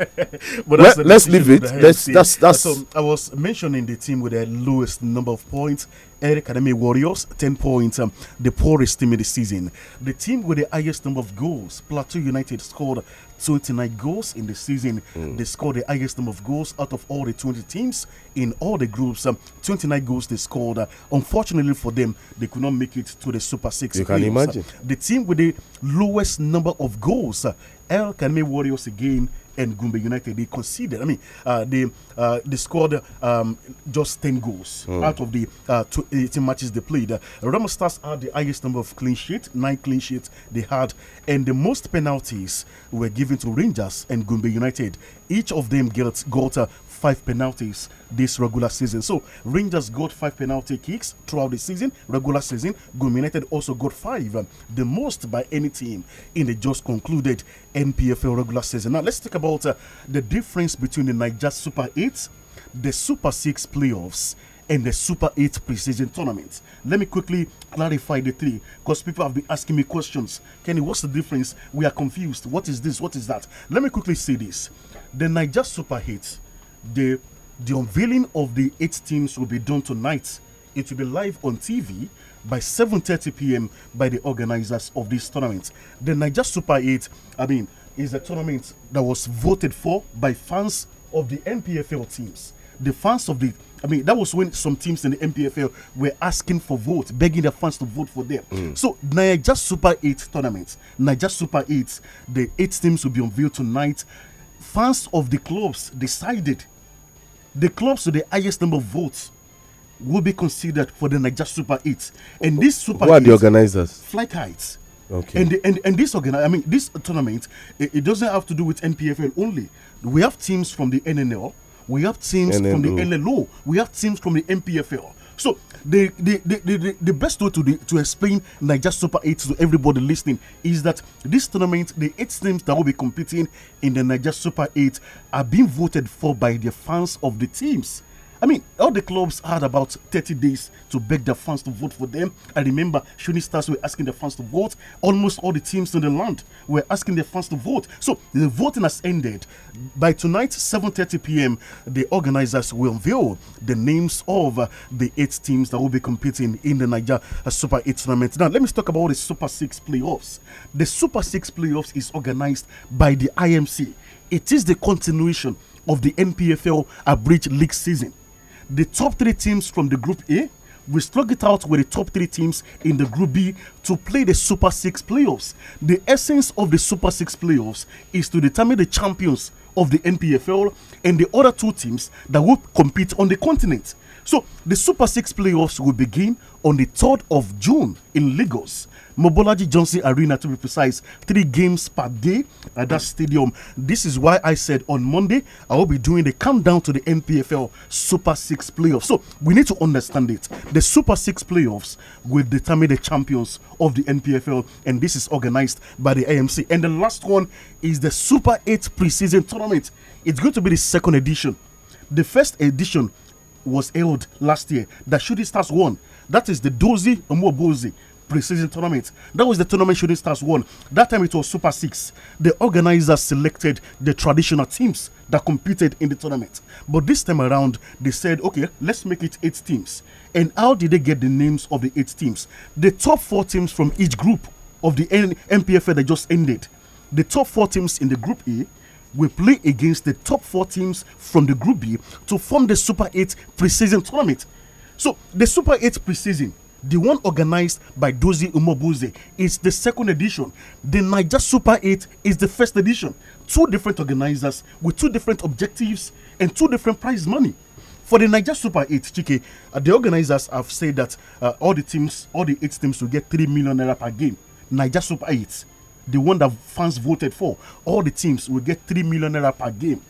but Let, us leave it let's, that's that's, that's i was mentioning the team with the lowest number of points Eric Academy Warriors, 10 points, um, the poorest team in the season. The team with the highest number of goals, Plateau United, scored 29 goals in the season. Mm. They scored the highest number of goals out of all the 20 teams in all the groups. Um, 29 goals they scored. Uh, unfortunately for them, they could not make it to the Super Six. You games. can imagine. the team with the lowest number of goals, uh, El Academy Warriors, again, and Gumbe United. They conceded. I mean, uh, they uh, they scored um, just ten goals mm. out of the uh, matches they played. Uh, Ramos Stars had the highest number of clean sheets, nine clean sheets they had, and the most penalties were given to Rangers and Gumbe United. Each of them gets, got, got uh, five penalties this regular season. So Rangers got five penalty kicks throughout the season, regular season. Gominated also got five, um, the most by any team in the just concluded NPFL regular season. Now let's talk about uh, the difference between the Niger Super 8, the Super 6 playoffs, and the Super 8 preseason tournament. Let me quickly clarify the three because people have been asking me questions. Kenny, what's the difference? We are confused. What is this? What is that? Let me quickly say this. The Niger Super 8 the the unveiling of the eight teams will be done tonight. It will be live on TV by 7:30 p.m. by the organizers of this tournament. The Niger Super 8, I mean, is a tournament that was voted for by fans of the NPFL teams. The fans of the I mean, that was when some teams in the NPFL were asking for votes, begging their fans to vote for them. Mm. So, Niger Super 8 tournament, Niger Super 8, the eight teams will be unveiled tonight. Fans of the clubs decided the clubs with the highest number of votes will be considered for the Niger Super 8. And this Super Who are the organizers? Flight Heights. Okay. And, and and this organi- I mean this tournament it, it, doesn't have to do with NPFL only. We have teams from the NNL, we have teams NNL. from the NLO, we have teams from the NPFL. So the the, the, the, the best way to the, to explain Niger Super 8 to everybody listening is that this tournament, the eight teams that will be competing in the Niger Super 8 are being voted for by the fans of the teams. I mean, all the clubs had about 30 days to beg their fans to vote for them. I remember shooting stars were asking their fans to vote. Almost all the teams in the land were asking their fans to vote. So the voting has ended. By tonight, 7:30 p.m., the organizers will unveil the names of uh, the eight teams that will be competing in the Niger uh, Super 8 tournament. Now, let me talk about the Super 6 playoffs. The Super 6 playoffs is organized by the IMC. It is the continuation of the NPFL Abridged League season the top three teams from the Group A will slug it out with the top three teams in the Group B to play the Super Six playoffs. The essence of the Super Six playoffs is to determine the champions of the NPFL and the other two teams that will compete on the continent. So the Super Six playoffs will begin on the 3rd of June in Lagos. Mobolaji Johnson Arena to be precise, three games per day at that stadium. This is why I said on Monday I will be doing the countdown to the NPFL Super Six playoffs. So we need to understand it. The Super Six playoffs will determine the champions of the NPFL, and this is organized by the AMC. And the last one is the Super Eight preseason tournament. It's going to be the second edition. The first edition was held last year that Shooting Stars won. That is the Dozie Omobozi preseason tournament. That was the tournament Shooting Stars won. That time it was Super Six. The organizers selected the traditional teams that competed in the tournament. But this time around, they said, okay, let's make it eight teams. And how did they get the names of the eight teams? The top four teams from each group of the N MPFA that just ended. The top four teams in the Group A will play against the top four teams from the Group B to form the Super 8 preseason tournament. So the Super 8 preseason the one organized by Dozie Umobuze is the second edition. The Niger Super 8 is the first edition. Two different organizers with two different objectives and two different prize money. For the Niger Super 8, Chike, uh, the organizers have said that uh, all the teams, all the eight teams will get 3 million naira per game. Niger Super 8, the one that fans voted for, all the teams will get 3 million naira per game.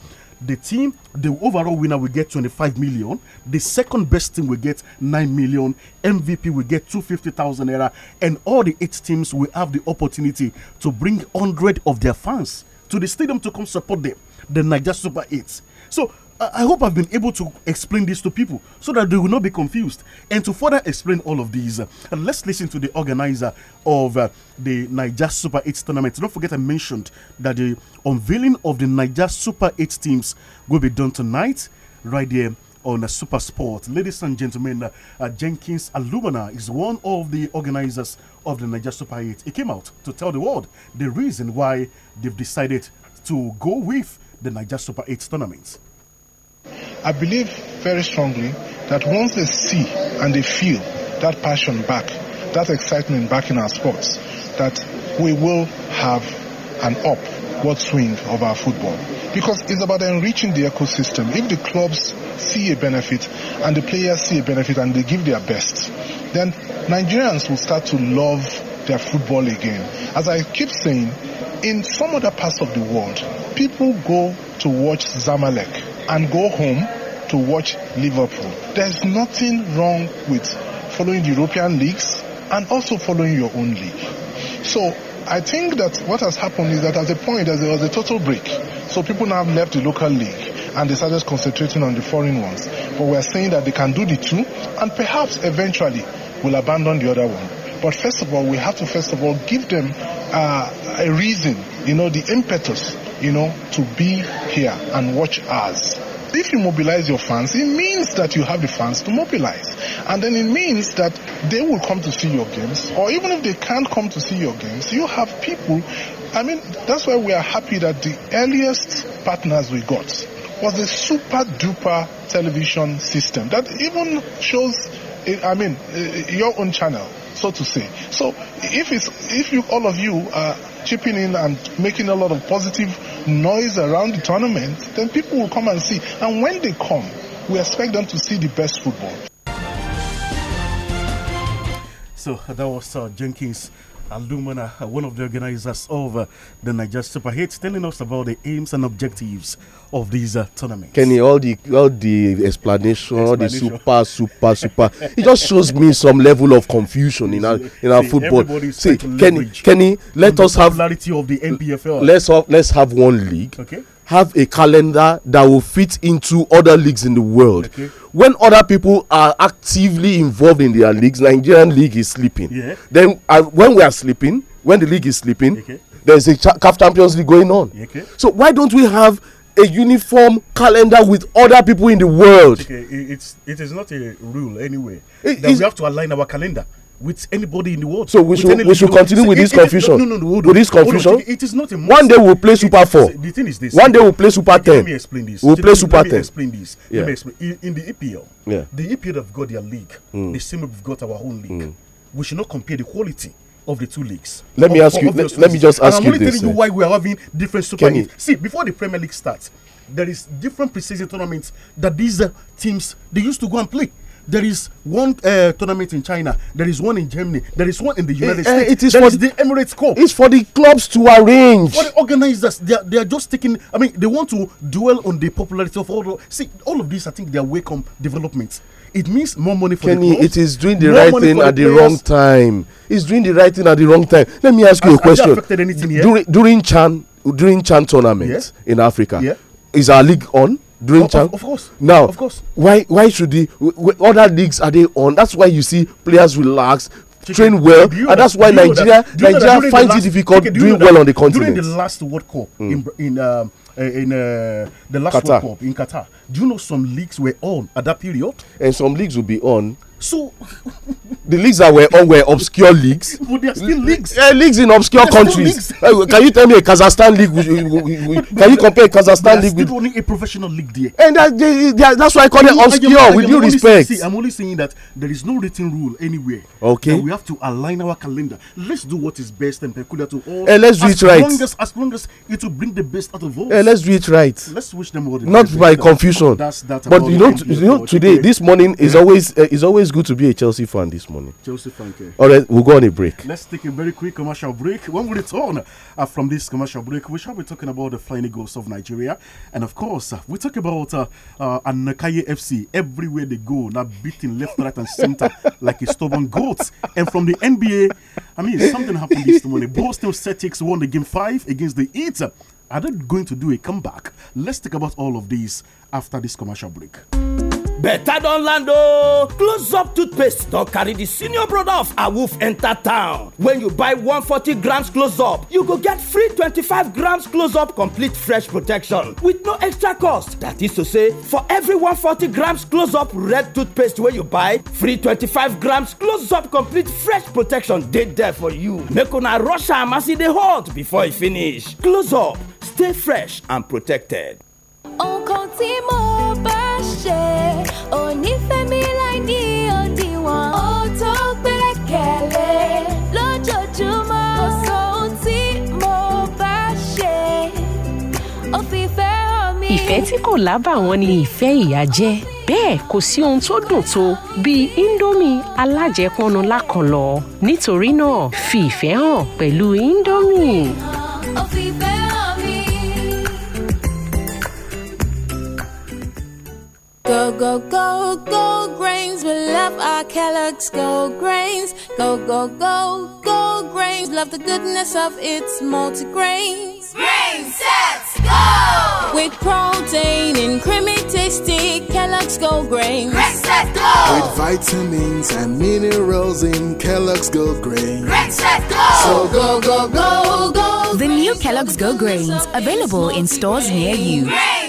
The team, the overall winner will get 25 million. The second best team will get 9 million. MVP will get 250,000 naira. And all the eight teams will have the opportunity to bring 100 of their fans to the stadium to come support them. The Niger Super 8. So I hope I've been able to explain this to people so that they will not be confused. And to further explain all of these, uh, let's listen to the organizer of uh, the Niger Super 8 tournament. Don't forget, I mentioned that the unveiling of the Niger Super 8 teams will be done tonight, right there on uh, Super Sport. Ladies and gentlemen, uh, uh, Jenkins Alumina is one of the organizers of the Niger Super 8. He came out to tell the world the reason why they've decided to go with the Niger Super 8 tournament. I believe very strongly that once they see and they feel that passion back, that excitement back in our sports, that we will have an upward swing of our football. Because it's about enriching the ecosystem. If the clubs see a benefit and the players see a benefit and they give their best, then Nigerians will start to love their football again. As I keep saying, in some other parts of the world, people go to watch Zamalek and go home to watch Liverpool. There's nothing wrong with following the European leagues and also following your own league. So I think that what has happened is that at the point there was a total break. So people now left the local league and they started concentrating on the foreign ones. But we're saying that they can do the two and perhaps eventually will abandon the other one. But first of all, we have to first of all give them uh, a reason, you know, the impetus you know, to be here and watch us. If you mobilize your fans, it means that you have the fans to mobilize. And then it means that they will come to see your games. Or even if they can't come to see your games, you have people. I mean, that's why we are happy that the earliest partners we got was a super duper television system that even shows, I mean, your own channel so to say. So if it's if you all of you are chipping in and making a lot of positive noise around the tournament, then people will come and see. And when they come, we expect them to see the best football. So that was uh, Jenkins. Alumina, one of the organizers of uh, the Niger Super Hits, telling us about the aims and objectives of these uh, tournaments. Kenny, all the all the explanation, explanation. all the super, super, super, it just shows me some level of confusion in our in our See, football. See, Kenny, Kenny, let us have clarity of the NPFL. Let's have, let's have one league. Okay have a calendar that will fit into other leagues in the world. Okay. When other people are actively involved in their leagues, Nigerian league is sleeping. Yeah. Then uh, when we are sleeping, when the league is sleeping, okay. there's a CAF Champions League going on. Okay. So why don't we have a uniform calendar with other people in the world? Okay. It's it is not a rule anyway. It, we have to align our calendar with anybody in the world. So we should we should continue with this confusion. No, no, no, with this confusion. it is not a One day we'll play Super 4. The thing is this. One day we'll play Super 10. Let me explain this. We'll play Super 10. Let me explain this. Let me explain. In the EPL, yeah. the EPL have got their league. Hmm. The same we've got our own league. Hmm. We should not compare the quality of the two leagues. Let me ask you. Let, me just ask you this. I'm only telling you why we are having different Super Eight. See, before the Premier League starts, there is different preseason tournaments that these uh, teams they used to go and play. There is one uh, tournament in China. There is one in Germany. There is one in the eh, United it, eh, States. It is there for is the Emirates Cup. It's for the clubs to arrange. For the organizers, they are, they are just taking. I mean, they want to dwell on the popularity of all. See, all of this, I think, they are welcome developments it means more money for Kenny, the clubs, it is doing the right thing at the, wrong time. It's doing the right thing at the wrong time. Let me ask you a question. Affected anything During, during Chan during Chan tournament yeah. in Africa, yeah. is our league on? during oh, of, of, course. Now, of course. Why why should the other leagues are they on? That's why you see players relax, Chicken, train well, and that's why Nigeria that, Nigeria finds last, it difficult doing well on the continent. During the last World Cup mm. in in. Um, in uh, the last Qatar. World Cup in Qatar. Do you know some leagues were on at that period? And some leagues will be on so the leagues that were all were obscure leagues. But they are still leagues. Uh, leagues in obscure They're countries. Uh, can you tell me a Kazakhstan league? With, with, with, can you compare a Kazakhstan league? with, running a professional league there. And that, they, they that's why I call I it obscure. I am, with due respect, see, I'm only saying that there is no written rule anywhere. Okay. we have to align our calendar. Let's do what is best and peculiar to all. Hey, let's do it right. Long as, as long as it will bring the best out of all. Hey, let's do it right. Let's wish them all the Not by confusion. That's that. But you know, you know, today, this morning is always eh, is always always good to be a Chelsea fan this morning. Chelsea fan, okay. All right, we'll go on a break. Let's take a very quick commercial break. When we return uh, from this commercial break, we shall be talking about the flying eagles of Nigeria. And of course, uh, we talk about uh, uh, Anakaye FC everywhere they go, now beating left, right, and center like a stubborn goat. And from the NBA, I mean, something happened this morning. Boston Celtics won the game five against the Heat. Are they going to do a comeback? Let's talk about all of these after this commercial break don't land oh. close up toothpaste don't carry the senior brother of wolf enter town when you buy 140 grams close up you go get free 25 grams close up complete fresh protection with no extra cost that is to say for every 140 grams close up red toothpaste when you buy free 25 grams close up complete fresh protection dead there for you make a rush am as e dey before e finish close up stay fresh and protected. ṣe onífẹ́mi láì ní òdiwọ̀n. ó tó pẹ́kẹ́lé lójoojúmọ́. kò sọ ohun tí mo bá ṣe ó fi fẹ́ hàn mí. ìfẹ́ tí kò lábàwọ́n ni ìfẹ́ ìyá jẹ́ bẹ́ẹ̀ kò sí ohun tó dùn tó bíi indomie alájẹpọnu lákànlọ́ nítorí náà fi ìfẹ́ hàn pẹ̀lú indomie. go, go, go grains. We love our Kellogg's Go grains. Go, go, go, go grains. Love the goodness of its multigrains. Grain sets go! With protein and creamy tasty Kellogg's Go grains. Grain sets go! With vitamins and minerals in Kellogg's Go grains. Grain sets go! So go, go, go, go. The new Kellogg's Go grains available in stores near you. Grains.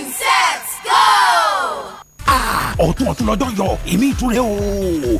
ọ̀tún ọ̀tún lọ́jọ́ yọ èmi ìtúre o.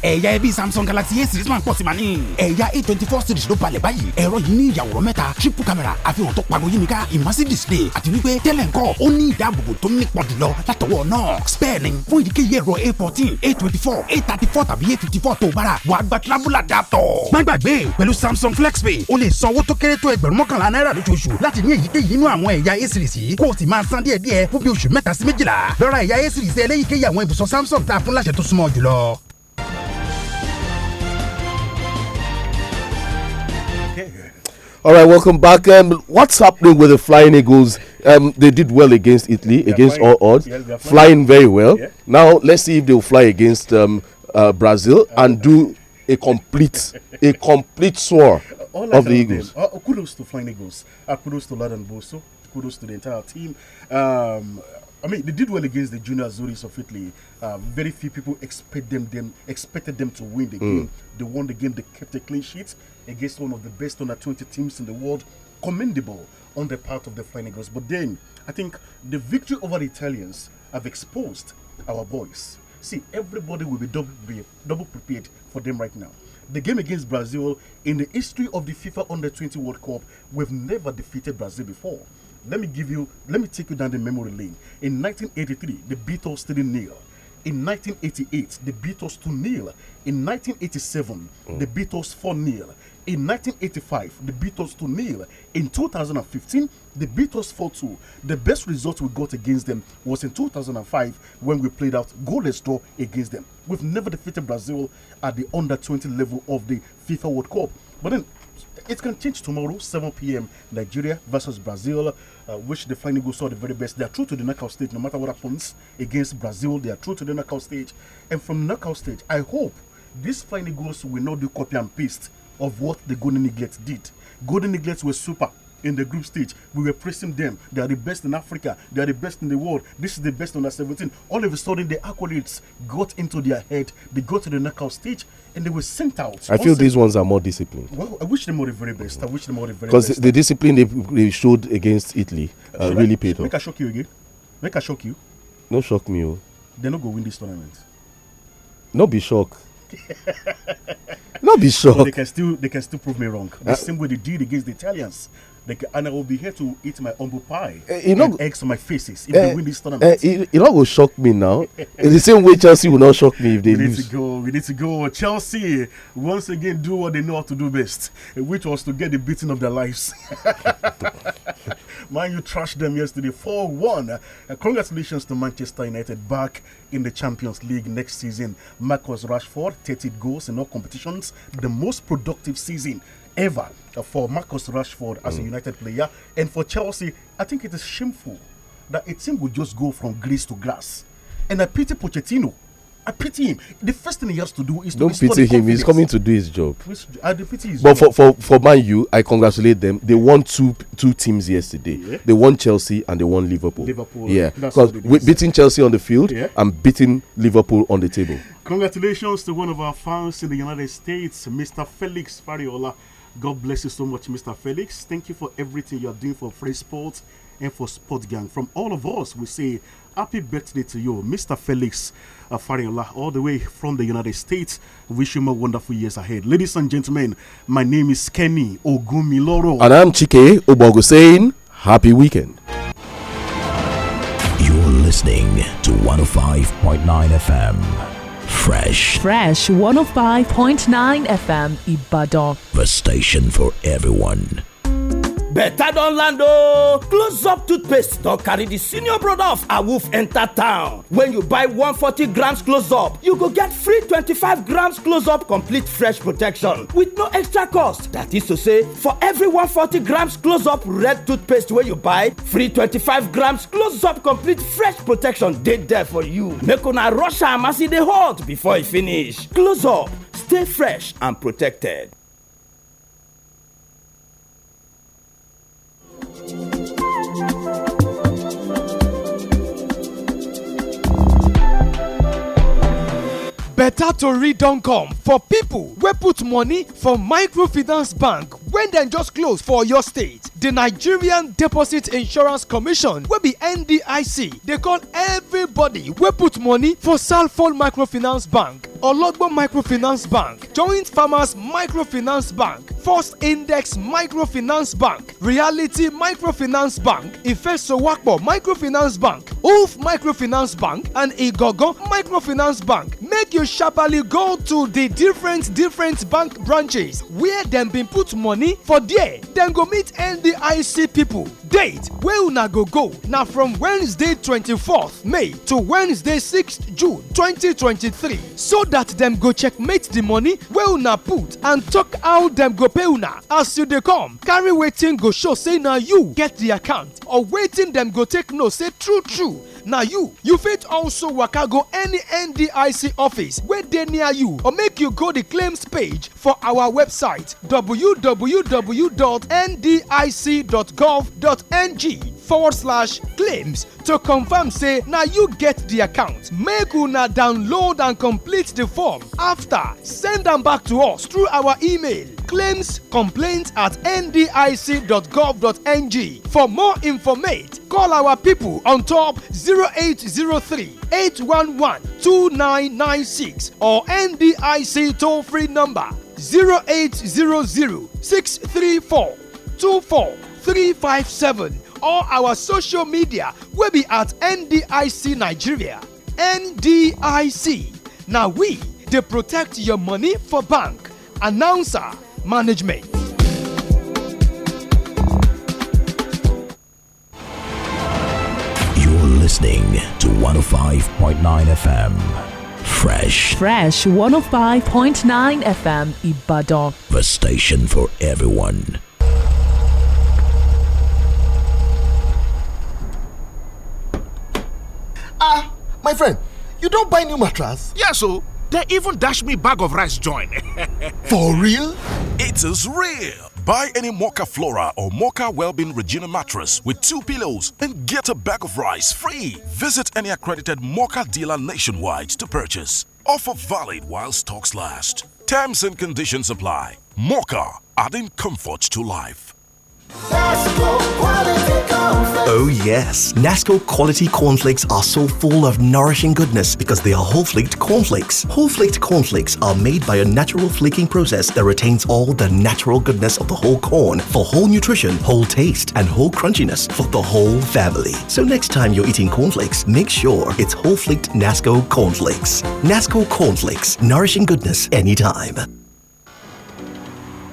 ẹ̀yà ẹbí samsung galaxy a series máa ń pọ̀ sí màní. ẹ̀yà a twenty four series ló balẹ̀ báyìí ẹ̀rọ yìí ní ìyàwòrán mẹ́ta triple camera àfihàn tó pariwo yìí nìka immersive display àti wípé tẹ́lẹ̀ ńkọ́ ó ní ìdáàbòbò tó nípọn jùlọ látọwọ́ knox bẹ́ẹ̀ ni fún ìdíkéyìí ẹ̀rọ a fourteen a twenty four a thirty four tàbí a fifty four tó bára wàá gba travel adaptọ̀. má gbàgbé pẹ̀lú samsung flexpay o lè sanwó tó kéré tó ẹgbẹ̀rún mọ́kànlá náírà lóṣooṣù láti ní èyíkéyìí inú àwọn ẹ̀yà a series yìí kó o sì máa san díẹ̀díẹ̀ fún bí oṣù mẹ́ta sí méjìlá lọ́ra ẹ̀yà a series eléyìíkéyìí àwọn ibùsọ̀ Samsung tá a fún láṣẹ tó súnmọ́ jùlọ. All right, welcome back. Um, what's happening with the Flying Eagles? Um, they did well against Italy, they're against flying. all odds, yes, flying. flying. very well. Yeah. Now let's see if they'll fly against um, uh, Brazil and do a complete, a complete swar of the Eagles. Them, uh, kudos to Flying Eagles. Uh, kudos to Ladan Boso. Kudos to the entire team. Um, I mean, they did well against the junior Azuris of Italy. Uh, um, very few people expect them, them expected them to win the mm. game. They won the game. They kept a clean sheet against one of the best under 20 teams in the world. Commendable on the part of the Flying Eagles. But then, I think the victory over the Italians have exposed our boys. See, everybody will be double, be double prepared for them right now. The game against Brazil in the history of the FIFA Under 20 World Cup, we've never defeated Brazil before. Let me give you, let me take you down the memory lane. In 1983, the Beatles didn't kneel. In 1988, the Beatles 2 nil. In 1987, mm. the Beatles 4 nil. In 1985, the Beatles 2 nil. In 2015, the Beatles 4 2. The best result we got against them was in 2005 when we played out goalless draw against them. We've never defeated Brazil at the under 20 level of the FIFA World Cup. But then it's going to change tomorrow, 7 p.m. Nigeria versus Brazil, uh, which the final goal saw the very best. They are true to the knockout stage, no matter what happens against Brazil. They are true to the knockout stage. And from knockout stage, I hope these final goals will not do copy and paste of what the Golden Eaglets did. Golden Eaglets were super in the group stage. We were praising them. They are the best in Africa. They are the best in the world. This is the best under 17. All of a sudden, the accolades got into their head. They got to the knockout stage and they were sent out. I feel these ones are more disciplined. Well, I wish them all the very best. I wish them all the very best. Because the discipline they, they, showed against Italy uh, really I, paid off. Make I shock you again. Make I shock you. No shock me. Oh. They're not going to win this tournament. No be shocked. not be shocked. they can still they can still prove me wrong. The uh, same way they did against the Italians like I will be here to eat my humble pie uh, you know, eggs on my faces if uh, they win this tournament. Uh, it, it shock me now. it's the same way Chelsea will not shock me if they we lose. We need to go. We need to go. Chelsea once again do what they know how to do best, which was to get the beating of their lives. Man, you trashed them yesterday 4-1. Uh, congratulations to Manchester United back in the Champions League next season. Marcus Rashford, 30 goals in all competitions, the most productive season ever uh, for Marcus Rashford as mm. a United player. And for Chelsea, I think it is shameful that a team would just go from grace to grass. And I pity Pochettino. I pity him. The first thing he has to do is don't pity him. He's coming to do his job. I pity his but job. for for for Man U, I congratulate them. They won two two teams yesterday. Yeah. They won Chelsea and they won Liverpool. Liverpool, yeah, because beating Chelsea on the field yeah. and beating Liverpool on the table. Congratulations to one of our fans in the United States, Mr. Felix Fariola. God bless you so much, Mr. Felix. Thank you for everything you're doing for Free Sports and for Sport Gang. From all of us, we say happy birthday to you, Mr. Felix uh, Fariola, all the way from the United States. Wish you more wonderful years ahead. Ladies and gentlemen, my name is Kenny Ogumiloro. And I'm Chike Obogo saying, happy weekend. You're listening to 105.9 FM. Fresh. Fresh 105.9 FM Ibadan. The station for everyone better don land oh! close up toothpaste don carry the senior brother of awoof enter town when you buy 140 grams close up you go get free 25 grams close up complete fresh protection with no extra cost that is to say for every 140 grams close up red toothpaste wey you buy free 25 grams close up complete fresh protection dey there for you make una rush am as e dey hot before e finish close up stay fresh and protected. better tori don come for people wey put money for microfinance bank wey dem just close for oyo state. di nigerian deposit insurance commission wey be ndic dey call everybody wey put money for salford microfinance bank ologbo microfinance bank joint farmers microfinance bank First Index Microfinance Bank, Reality Microfinance Bank, Ifesowapọ Microfinance Bank, Oof Microfinance Bank, and Igogo Microfinance Bank. Make you sharply go to the different different bank branches where them been put money for there. Then go meet NDIC people. Date where una go go Now from Wednesday 24th May to Wednesday 6th June 2023 so that them go checkmate the money wey una put and talk how them go pay una as you dey come carry wetin go show say na you get the account or wetin dem go take know say true true na you you fit also waka go any ndic office wey dey near you or make you go the claims page for our website www.ndic.gov.ng forward slash claims to confirm say na you get di account make una download and complete di form afta send am back to us through our email claims complaints at ndic.gov.ng for more informate call our people on top 0803 811 2996 or ndic toll free number 0800 634 24357 all our social media will be at ndic nigeria ndic Now we they protect your money for bank announcer management you're listening to 105.9 fm Fresh. Fresh 105.9 FM Ibadan. The station for everyone. Ah, my friend, you don't buy new mattress? Yeah, oh, so they even dash me bag of rice join. For real? It is real. Buy any Mocha Flora or Mocha Wellbeing Regina mattress with two pillows and get a bag of rice free. Visit any accredited Mocha dealer nationwide to purchase. Offer valid while stocks last. Terms and conditions apply. Mocha, adding comfort to life. Oh, yes. Nasco quality cornflakes are so full of nourishing goodness because they are whole flaked cornflakes. Whole flaked cornflakes are made by a natural flaking process that retains all the natural goodness of the whole corn for whole nutrition, whole taste, and whole crunchiness for the whole family. So, next time you're eating cornflakes, make sure it's whole flaked Nasco cornflakes. Nasco cornflakes, nourishing goodness anytime.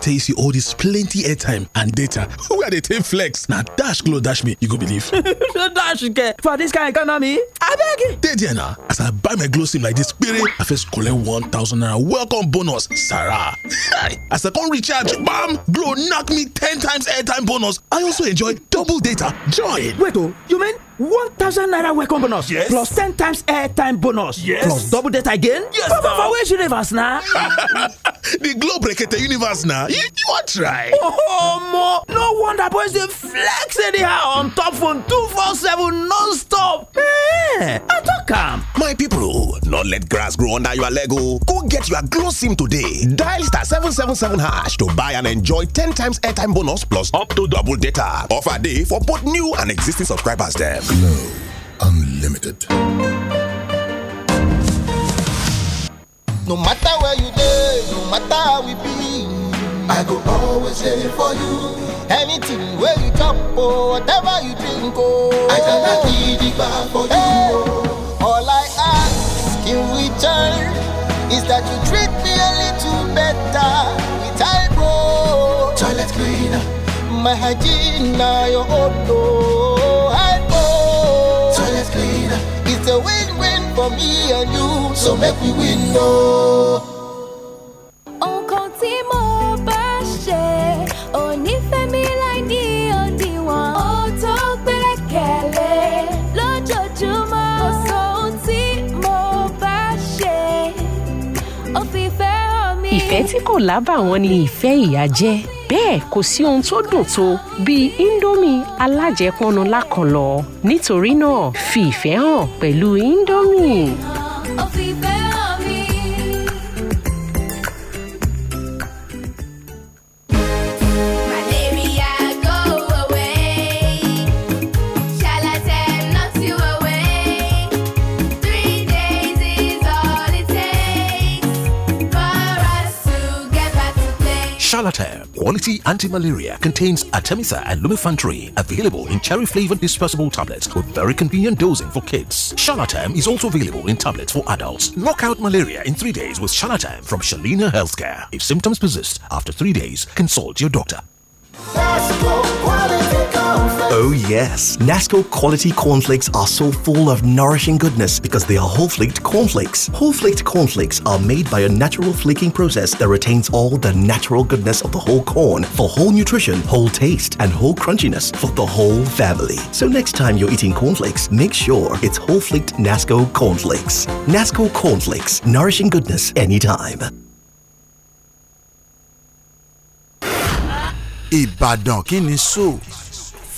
tell you see all this plenty airtime and data Where they take flex Now dash glow dash me you go believe. dash get for this kind economy I abeg. dey there na as i buy my glow sim like this spirit i first collect one thousand naira welcome bonus sarah as i come recharge bam glow knock me ten times airtime bonus i also enjoy double data join. wait oh, you mean One thousand naira welcome bonus yes plus ten times airtime bonus yes plus double data again yes for which universe na the globe rekete universe na you wan try oh mo no wonder boys dey flex anyhow on top phone two four seven non-stop ehn i tok am my pipo not let grass grow under your leg o oh. go get your glow sim today dial star seven seven seven hash to buy and enjoy ten times airtime bonus plus up to double data offer dey for both new and existing subscribers dem Glow Unlimited. No matter where you live, no matter how we be, I go always there for you. Anything where you chop or oh, whatever you drink, oh, I don't be the bar for hey. you. Oh. All I ask in return is that you treat me a little better with bro. Toilet cleaner, my hygiene, now your own. Oh. for me and you so make we win o. nǹkan tí mo bá ṣe ò ní fẹ́ mi láì ní òdiwọ̀n ó tó pẹ́kẹ́lẹ́ lójoojúmọ́ kò sọ ohun tí mo bá ṣe ó fi fẹ́ hàn mí. ìfẹ́ tí kò lábàwọ́n ni ìfẹ́ ìyá jẹ́ bẹ́ẹ̀ kò sí ohun tó dùn tó bíi indomie alájẹpọnu lákọlọ nítorí náà fi ìfẹ́ hàn pẹ̀lú indomie. quality anti-malaria contains Artemisa and Lumefantrine, available in cherry-flavored dispersible tablets with very convenient dosing for kids. Shalatam is also available in tablets for adults. Knock out malaria in three days with Shalatam from Shalina Healthcare. If symptoms persist after three days, consult your doctor. Oh, yes. Nasco quality cornflakes are so full of nourishing goodness because they are whole flaked cornflakes. Whole flaked cornflakes are made by a natural flaking process that retains all the natural goodness of the whole corn for whole nutrition, whole taste, and whole crunchiness for the whole family. So next time you're eating cornflakes, make sure it's whole flaked Nasco cornflakes. Nasco cornflakes, nourishing goodness anytime. Ìbàdàn kí ni sọ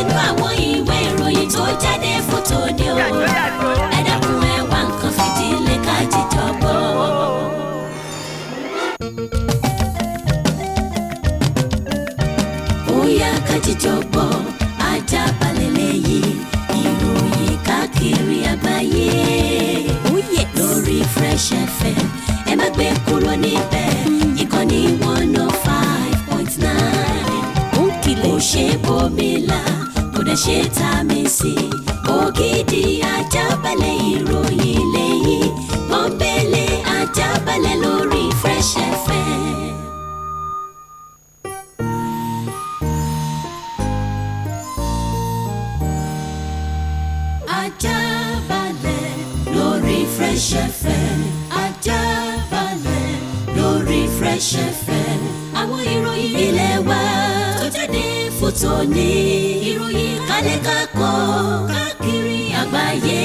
nínú àwọn ìwé ìròyìn tó jáde fún tòde o ẹ dákun ẹ wá nǹkan fìdílé ká jíjọ gbọ́. bóyá ká jíjọ gbọ́ ajá balẹ̀ lẹ́yìn ìròyìn káàkiri àgbáyé oh lórí Fresh FM ẹ má gbé kúrò níbẹ̀ ṣe bòmílà kò dẹ̀ ṣe tá a mi sí. ògidì ajábalẹ̀ ìròyìn lẹ́yìn pọ́npẹ́lẹ́ ajábalẹ̀ lórí Fresh FM. Ajábalẹ̀ lórí Fresh FM. Ajábalẹ̀ lórí Fresh FM. àwọn ìròyìn ilé wa jáde fòtò ní ìròyìn kálẹ̀ kákọ́ káàkiri àgbáyé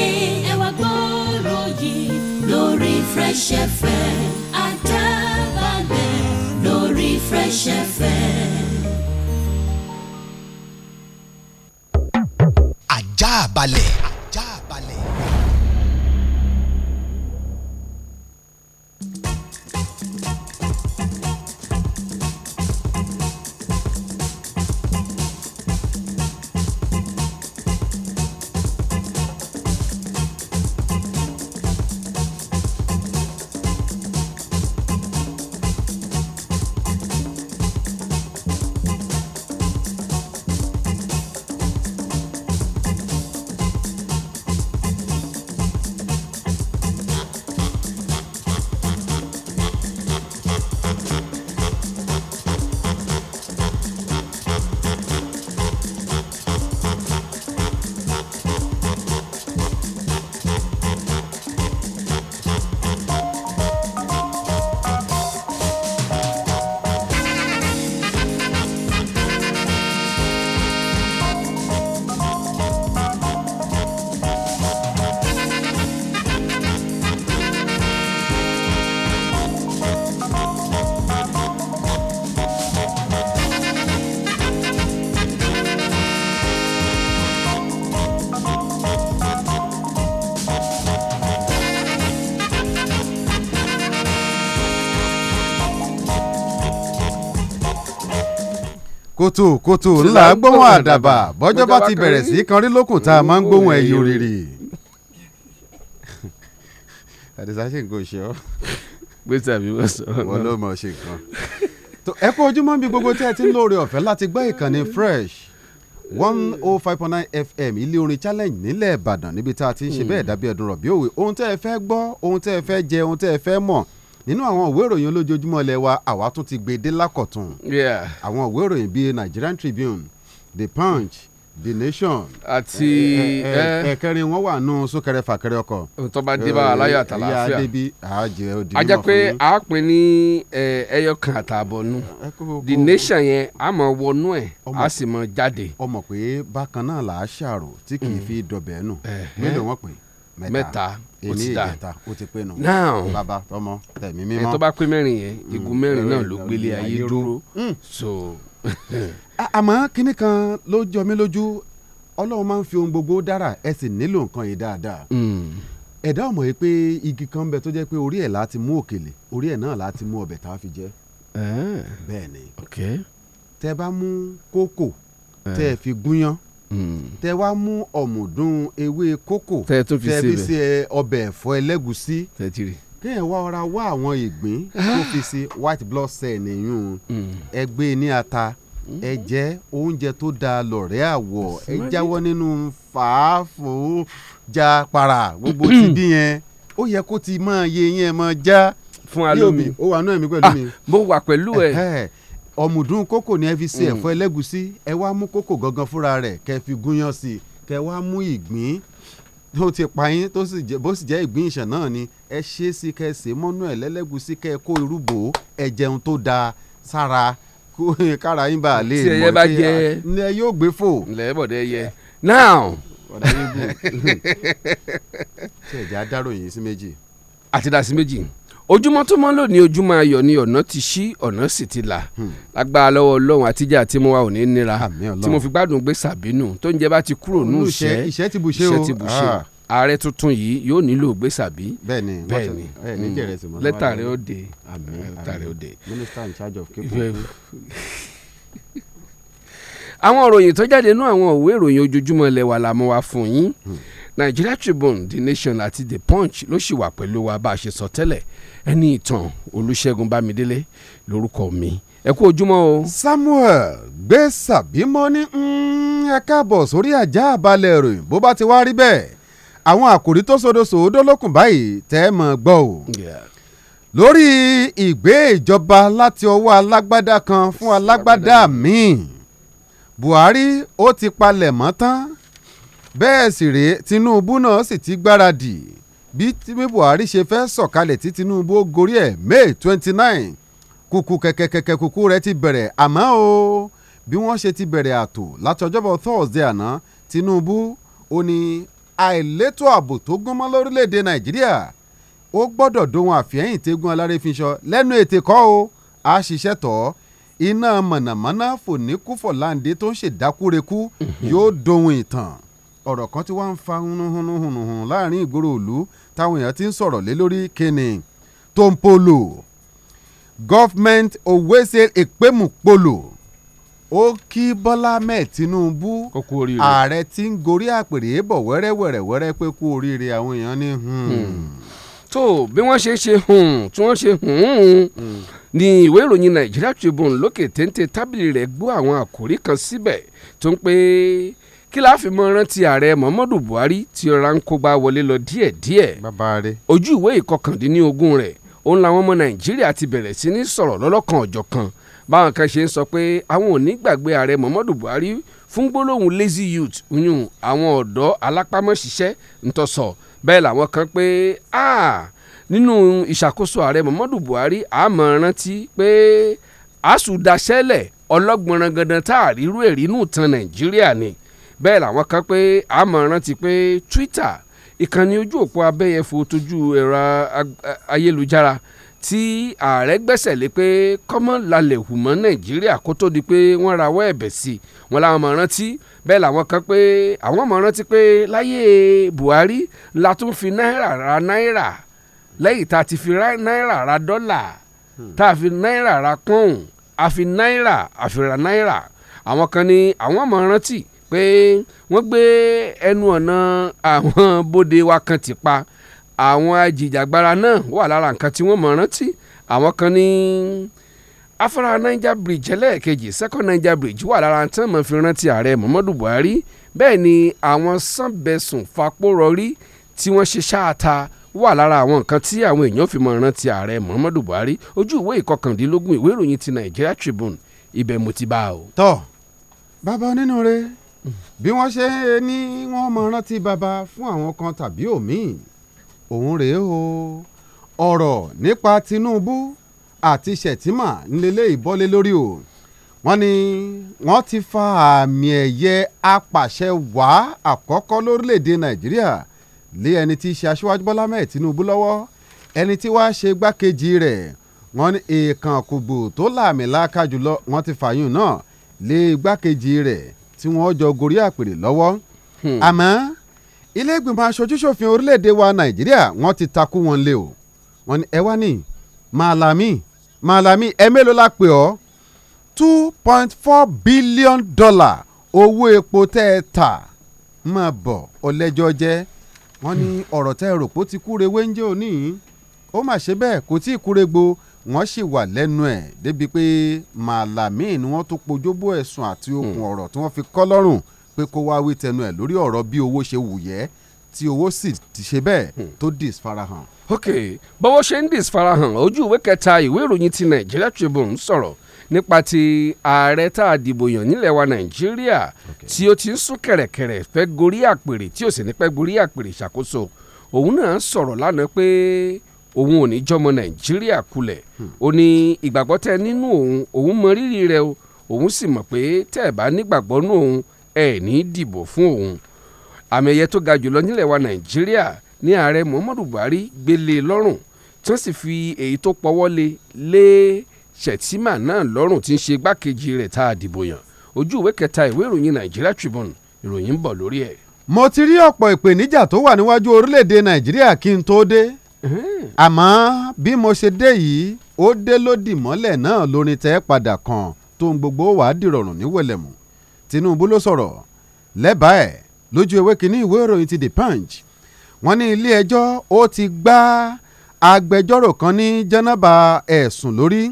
ẹ wá gbọ́rọ̀ yìí lórí Fresh FM Ajaabale lórí Fresh FM. Ajaabale. kùtùkùtù ńlá gbóhùn àdàbà bọ́jọ́ bá ti bẹ̀rẹ̀ sí kan rí lókùn tá a máa ń gbóhùn ẹ̀yìn òrìrì. àdìsá ṣe nǹkan ṣe ọ. gbèsè àbí wọ́n sọ. wọ́n ló mọ̀ ṣe nǹkan. ẹ kú ojúmọ́ bí gbogbo tí ẹ ti ń lóore ọ̀fẹ́ láti gbọ́ ìkànnì fresh one oh five point nine fm ilé orin challenge nílẹ̀ ìbàdàn níbi tá a ti ń ṣe hmm. bẹ́ẹ̀ dàbí ẹ̀dùn rọ̀bì òwe ohun tẹ́ ẹ fẹ́ gbọ́ ohun tẹ́ ẹ fẹ́ jẹ ohun tẹ́ ẹ fẹ́ mọ̀ nínú àwọn ìwé ìròyìn olójoojúmọ́ ilẹ̀ wa àwa tún ti gbèdé lákọ̀tún àwọn ìwé ìròyìn bíi Nigerian Tribune The Punch The Nation àti ẹ̀kẹrin wọn wà nù súnkẹrẹ fàkẹrẹ ọkọ̀ tó bá dé bá aláyọ̀ àtàlàáfíà ajẹ́ pé a pè ní ẹyọ kan àtààbọ̀ nù The Nation yẹn a máa wọnú ẹ̀ a sì máa jáde. ọmọ pé bákan náà là á ṣàrò tí kì í mm. fi dọ̀bẹ̀ nù mélòó wọn pè mẹ́ta èmi ìjẹta ó ti pé nù. now bàbá tọmọ tẹ̀mí mímọ́. ẹ tó bá pé mẹ́rin yẹn igun mẹ́rin náà ló gbélé ayé dúró hmm. so. àmọ́ kinní kan ló jọ mí lójú ọlọ́run máa ń fi ohun gbogbo dára ẹ sì nílò nǹkan yìí dáadáa hmm. ẹ̀dá ọmọ yìí pé igi kan bẹ tó jẹ́ pé orí ẹ̀ láti mú òkèlè orí ẹ̀ náà láti mú ọbẹ̀ tá a fi jẹ eh. bẹ́ẹ̀ ni tẹ bá mú kókò eh. tẹ fi gúnyán Mm. tẹ wá mú ọ̀mùdún ewé kókò tẹ fi ṣe ọbẹ̀ ẹ̀fọ́ ẹlẹ́gùsí kéèyàn wá ọra wá àwọn ìgbín ah. tó fi ṣe white blood cell nìyún mm. ẹgbẹ́ e ní ata mm. ẹ jẹ oúnjẹ tó dáa lọ̀rẹ́ àwọ̀ ẹ jáwọ́ nínú fàáfù já para gbogbo ti dín yẹn ó yẹ kó ti máa yẹ yẹn máa já fún alómi ó wà nú ẹ̀mí pẹ̀lú ah, mi. mo wà pẹ̀lú ẹ ọ̀mùdún kókò ní ẹ fi ṣe mm. ẹ̀fọ́ ẹlẹ́gùsí ẹ wá mú kókò gangan fúnra rẹ̀ kẹ́ fi gúnyán sí i kẹ́ wá mú ìgbín tó ti pa yín tó sì jẹ bó sì jẹ ìgbín ìṣàn náà ni ẹ ṣe é sí kẹ́ ṣe mọ́nú ẹ̀ lẹ́lẹ́gùsí kẹ́ kó irúgbó ẹ jẹun tó dáa sára kára yín bá a lè mọ̀ pé ẹ yóò gbé fò. ǹlẹ́ bọ̀dẹ̀ yẹ. now. ọ̀dà yín gùn. ṣe ìjà dárò yìí sí méjì. àti dà sí méjì ojúmọ́ tó mọ́ lónìí ojúmọ́ ayọ̀ ni ọ̀nà ti ṣí ọ̀nà sì ti là hmm. lágbára lọ́wọ́ ọlọ́run àtijọ́ tí mo wà ò ní nira tí mo fi gbádùn gbé sàbínú tó ń jẹ bá ti kúrò ní ìṣẹ́ iṣẹ́ ti bù ṣe o ah. ààrẹ tuntun yìí yóò nílò gbé sàbí bẹ́ẹ̀ni bẹ́ẹ̀ni hmm. lẹ́tà rẹ̀ ó dé lẹ́tà rẹ̀ ó dé. minister in of cable àwọn òròyìn tó jáde nú àwọn òwe ìròyìn ojoojúmọ́ ilẹ̀ wa la wa fún yín hmm. Nigeria Tribune The Nation àti The Punch ló sì wà pẹ̀lú wa bá a ṣe sọ tẹ́lẹ̀ ẹni ìtàn olùṣègùn bámidélé lórúkọ mi ẹ kú ojúmọ́ o. samuel gbé sàbímọ ní mm, ẹ káàbọ̀ sórí ajá àbálẹ̀ ìròyìn bó bá ti wá rí bẹ́ẹ̀ àwọn àkòrí tó sodo sòódó lókùn báyìí tẹ́ ẹ mọ̀ gbọ́ o. lórí ìgbé ìjọba láti ọwọ́ alágbádá kan fún alágbádá míì buhari ó ti palẹ̀ mọ́ tán bẹ́ẹ̀ sì rèé tinubu náà sì ti gbáradì. Si bí bí buhari ṣe fẹ́ sọ̀kalẹ̀ tí tinubu ó gorí ẹ̀ may twenty nine kùkù kẹ̀kẹ̀kẹ̀kẹ̀ kùkù rẹ̀ ti bẹ̀rẹ̀ àmọ́ o bí wọ́n ṣe ti bẹ̀rẹ̀ àtò látọjọ́bọ̀ thursday àná tinubu ó ní àìlétò ààbò tó gún mọ́ lórílẹ̀‐èdè nàìjíríà ó gbọ́dọ̀ dohun àfihàn tẹ́gun aláré fi sọ lẹ́nu ètè kọ́ o a ṣiṣẹ́ tọ̀ ọ́ iná mọ̀nàmọ́ná fòníkúfọ̀láǹdé tó ń ṣèdákúrekú mhm. yóò dohun ìtàn ọ̀rọ̀ kan tí wọ́n ń fa hunuhunuhunuhun láàrin ìgboro òlu táwọn èèyàn ti ń sọ̀rọ̀ lé lórí kíni tompolo government owese ekpemupolo ó kí bọ́lá mẹ́ẹ̀ tinubu ààrẹ tí ń gorí àpèrè bọ̀ wẹ́rẹ́wẹ́rẹ́wẹ́rẹ́ pé kú oríire àwọn èèyàn ní hmm. hmm. tó bí wọ́n ṣe ṣe hùn hmm, tí wọ́n ṣe hùn ní ìwé ìròyìn Nigeria Tribune lókè téńté tábìlì rẹ̀ gbọ́ àwọn àkòrí kan síbẹ̀ tó ń pè é kí la fi mọ rántí ààrẹ muhammadu buhari tí ọ̀rá ń kógbá wọlé lọ díẹ̀díẹ̀ ojú ìwé ìkọkàndínlógún rẹ̀ òun làwọn ọmọ nàìjíríà ti bẹ̀rẹ̀ sí ní sọ̀rọ̀ lọ́lọ́kan ọ̀jọ̀kan báwọn kan ṣe ń sọ pé àwọn ò ní gbàgbé ààrẹ muhammadu buhari fún gbólóhùn lazy youth yún àwọn ọ̀dọ́ alápámọ́ṣiṣẹ́ ntọ́sọ̀ bẹ́ẹ̀ làwọn kan pé nínú ìṣàkóso ààrẹ muhammadu buhari àmọ́ rántí pé àsùdáṣẹ́lẹ̀ ọlọ́gbọ̀nrangandan táàrírú èrínú tan nàìjíríà ni. Ah, bẹ́ẹ̀ làwọn kan pé àmọ́ rántí pé Twitter ìkànnì ojú òpó abẹ́yẹfò tójú ẹ̀rọ ayélujára tí ààrẹ gbẹ́sẹ̀ lé pé kọ́mọ́ lálẹ́ hù mọ́ Nàìjíríà kó tó di pé wọ́n rawọ́ ẹ̀bẹ̀ sí i wọn làwọn mọ̀ rántí bẹ́ẹ̀ làwọn kan pé àwọn mọ̀ rántí pé láyé Buhari la tún fi náírà ra náírà lẹ́yìn tá a ti fi náírà ra dọ́là tá a fi náírà ra pọ́ùn a fi náírà a náírà àwọn kan ní àwọn mọ̀ rántí pé wọ́n gbé ẹnu ọ̀nà àwọn bóde wa kan ti pa àwọn ajìjàgbara náà wà lára nǹkan tí wọ́n mọ̀ rántí àwọn kan ní afárá niger bridge ẹlẹ́ẹ̀kejì second niger bridge wà lára tí wọ́n mọ̀ fi rántí ààrẹ muhammadu buhari bẹ́ẹ̀ ni àwọn sanbẹ̀sùn fapórọrí tí wọ́n ṣe ṣáàta wà lára àwọn nǹkan tí àwọn èèyàn fi mọ̀ rántí ààrẹ muhammadu buhari ojú ìwé ìkọkàndínlógún ìwé ìròyìn ti nigeria tribune ibẹ̀ mo ti bá o. tọ́ bàbá onínúure bí wọ́n ṣe ní wọ́n mọ rántí baba fún àwọn kan tàbí òmíì òun rèé o ọ̀rọ̀ nípa Tinubu àti Shettima ńlẹ́lẹ́ ìbọ́lé lórí o wọ́n ní wọ́n ti fa àmì ẹ̀yẹ apàṣẹ wá àkọ́kọ́ lórílẹ̀‐èdè Nàìjíríà lé ẹni tí í ṣe aṣíwájú Bọ́lá mẹ́ẹ̀ Tinubu lọ́wọ́ ẹni tí wàá ṣe igbákejì rẹ̀ wọ́n ní èèkàn kùgbù tó lààmì láàka jùlọ wọ́n ti fàyùn náà lé igbákejì rẹ̀ tí wọ́n jọ gorí àpèrè lọ́wọ́ hmm. àmọ́ ilé ìgbìmọ̀ orílẹ̀‐èdè wa nàìjíríà wọ́n ti takú wọn lé o wọ́n ní ẹ wá ní Malami Malami ẹ mélòó la pè ọ́ two point four billion dollar owó epo tẹ́ ẹ tà máa bọ̀ ọlẹ́jọ́ jẹ́ wọ́n ní ọ̀rọ̀ tẹ́ ẹ rò pé ó ti kúre wéńjẹ́ òní ó mà ṣe bẹ́ẹ̀ kò tí ì kúre gbo wọ́n sì wà lẹ́nu ẹ̀ débi pé Malami ni wọ́n tó pojúbó ẹ̀sùn àti hmm. okùn ọ̀rọ̀ tí wọ́n fi kọ́ lọ́rùn pé kó wá wí tẹnu ẹ̀ lórí ọ̀rọ̀ bí owó ṣe wùyẹ́ tí owó sì ti ṣe bẹ́ẹ̀ hmm. tó dis farahàn. ok bọ́wọ́ ṣe ń dis farahàn ojú ìwé kẹta ìwé ìròyìn ti Nigeria Tribune sọ̀rọ̀ nípa ti ààrẹ tá a dìbò yàn nílẹ̀ wa Nàìjíríà tí ó ti ń sún kẹ̀rẹ̀kẹ̀rẹ̀ fẹ́ gorí àpèrè tí ò sì ní pẹ́ gorí àpèrè ṣàkóso òun náà sọ̀rọ̀ lánàá pé òun ò ní jọmọ nàìjíríà kulẹ̀ hmm. ó ní ìgbàgbọ́ tẹ nínú òun òun mọ rírì rẹ o òun sì mọ̀ pé tẹ́ ẹ̀ bá nígbàgbọ́ nú òun ẹ̀ ní dìbò fún òun àmì ẹ̀yẹ tó ga jùlọ nílẹ̀ wa nàìjíríà ní ààrẹ muhammadu buhari gbélé e lọ́rùn tí wọ́n sì fi èyí tó pọ́wọ́ lé lé ṣètìmà náà lọ́rùn tí ń ṣe igbákejì rẹ̀ tá a dìbò yàn ojú ìwé kẹta ìwé ìròyìn nàìjíríà tribune ìròyìn ń bọ̀ lórí ẹ̀. mo ti rí ọ̀pọ̀ ìpèníjà tó wà níwájú orílẹ̀-èdè nàìjíríà kí n tó dé àmọ́ bí mo ṣe dé yìí ó dé lódì mọ́lẹ̀ náà lórin tẹ́ padà kan tó ń gbogbo wàá dìrọ̀rùn ní wẹ̀lẹ̀mù Tinubu ló sọ̀rọ̀ lẹ́bàá ẹ̀ lójú ewé kínní ìwé ìròyìn ti The Punch wọ́n ní ilé ẹjọ́ ó ti gbá agbẹjọ́rò kan ní jẹ́nàbà ẹ̀sùn lórí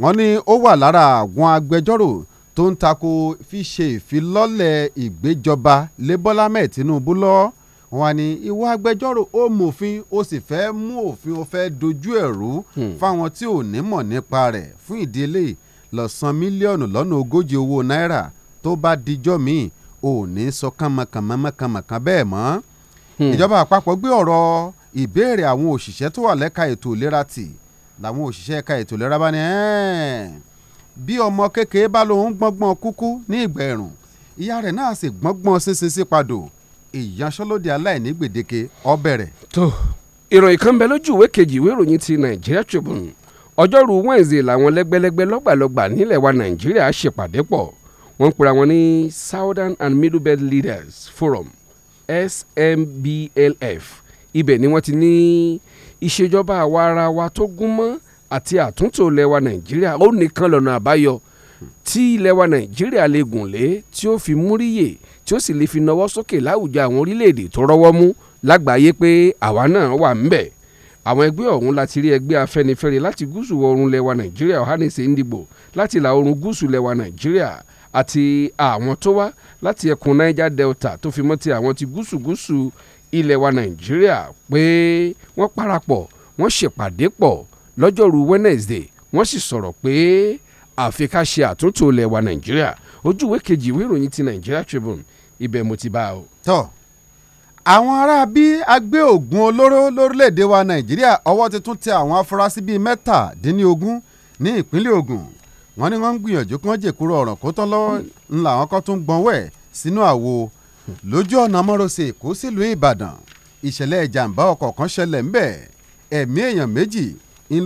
wọ́n ní ó wà lára àwọn agbẹjọ́rò tó ń tako fi ṣe ìfilọ́lẹ̀ ìgbéjọba lé Tinubu lọ́ọ́ wọ́n ní ìwọ agbẹjọ́rò ó mòfin ó sì fẹ́ mú òfin ó fẹ́ dojú ẹ̀ rú hmm. fáwọn tí ò ní mọ̀ nípa rẹ̀ fún ìdílé lọ san mílíọ̀nù lọ́nà ogójì owó náírà tó bá dijọ́ míì ò ní sọ kánmọ́kánmọ́kánmọ́kán bẹ́ẹ̀ mọ́. Hmm. ìjọba àpapọ̀ gbé ọ̀rọ̀ ìbéèrè àwọn òṣìṣẹ́ tó wà lẹ́ka ètò ìlera tì làwọn òṣìṣẹ́ ẹ̀ka ètò ìlera bá ní bí ọmọ kékeré bá lóun gbọ́ngbọ́n kúkú ní ìgbà ìyá rẹ̀ náà sì gbọ́ngbọ́n sísinsin padò ìyanṣẹ́lódì aláìní gbèdéke ó bẹ̀rẹ̀. tó ìròyìn kan bẹ lójú ìwé kejì ìwé ìròyìn ti Nigeria Tribune ọjọ́rú Wednesday làwọn lẹ́gbẹ́lẹ́gbẹ́ lọ́gbàlọ́gbà nílẹ̀ wa Nàìjíríà ṣèpàdé pọ̀ wọ́n ń pera wọn ní Southern and Middle Belt Leaders Forum SMBLF ibẹ̀ ni wọ́n ti ní ìṣèjọba àwa ara wa tó gún mọ́ àti àtúntò ilẹ̀ wa Nàìjíríà ó nìkan lọ́nà àbáyọ tí ilẹ̀ Nàìjíríà lè gùn lé tí ó fi múríyè tí ó sì lè fi nawọ́ sókè láwùjọ àwọn orílẹ̀-èdè tó rọ́wọ́ mú lágbàáyé pé àwa náà wà ń bẹ̀ àwọn ẹgbẹ́ ọ̀hún láti rí ẹgbẹ́ afẹ́nifẹ́re láti gúúsù oorun lẹwa nàìjíríà Ohanaeze Ndigbo láti ìlà oorun gúúsù lẹwa nàìjíríà àti àwọn tó wá láti ẹkùn niger delta tó fi mọ́ ti àwọn ti gúúsù gúúsù ilẹ̀ wa nàìjíríà pé wọ́n parapọ̀ wọ́n ṣèpàdé pọ̀ lọ́jọ́rú Wednesday wọ́n sì sọ̀rọ̀ pé àfi àtúntò ilẹ̀ wa nàìjíríà ojú kejì ìwé ìròyìn ti Nigeria Tribune ibẹ̀ mo ti bá a o. tọ́ àwọn ará bí agbé ògùn olóró lórílẹ̀‐èdè wa nàìjíríà ọwọ́ ti tún tẹ àwọn afurasí bíi mẹ́tàdínlógún ní ìpínlẹ̀ Ògùn wọ́n ní wọ́n ń gbìyànjú kí wọ́n jèkúrò ọ̀ràn kó tán lọ́wọ́ ńlá àwọn kan tún gbọ́n wẹ̀ sínú àwo lójú ọ̀nà mọ́rọ̀sẹ̀ Èkó sílùú Ìbàdàn ìṣẹ̀lẹ̀ ìjàmbá ọkọ̀ kan ṣẹlẹ̀ ńbẹ̀ ẹ̀mí èèyàn méjì ń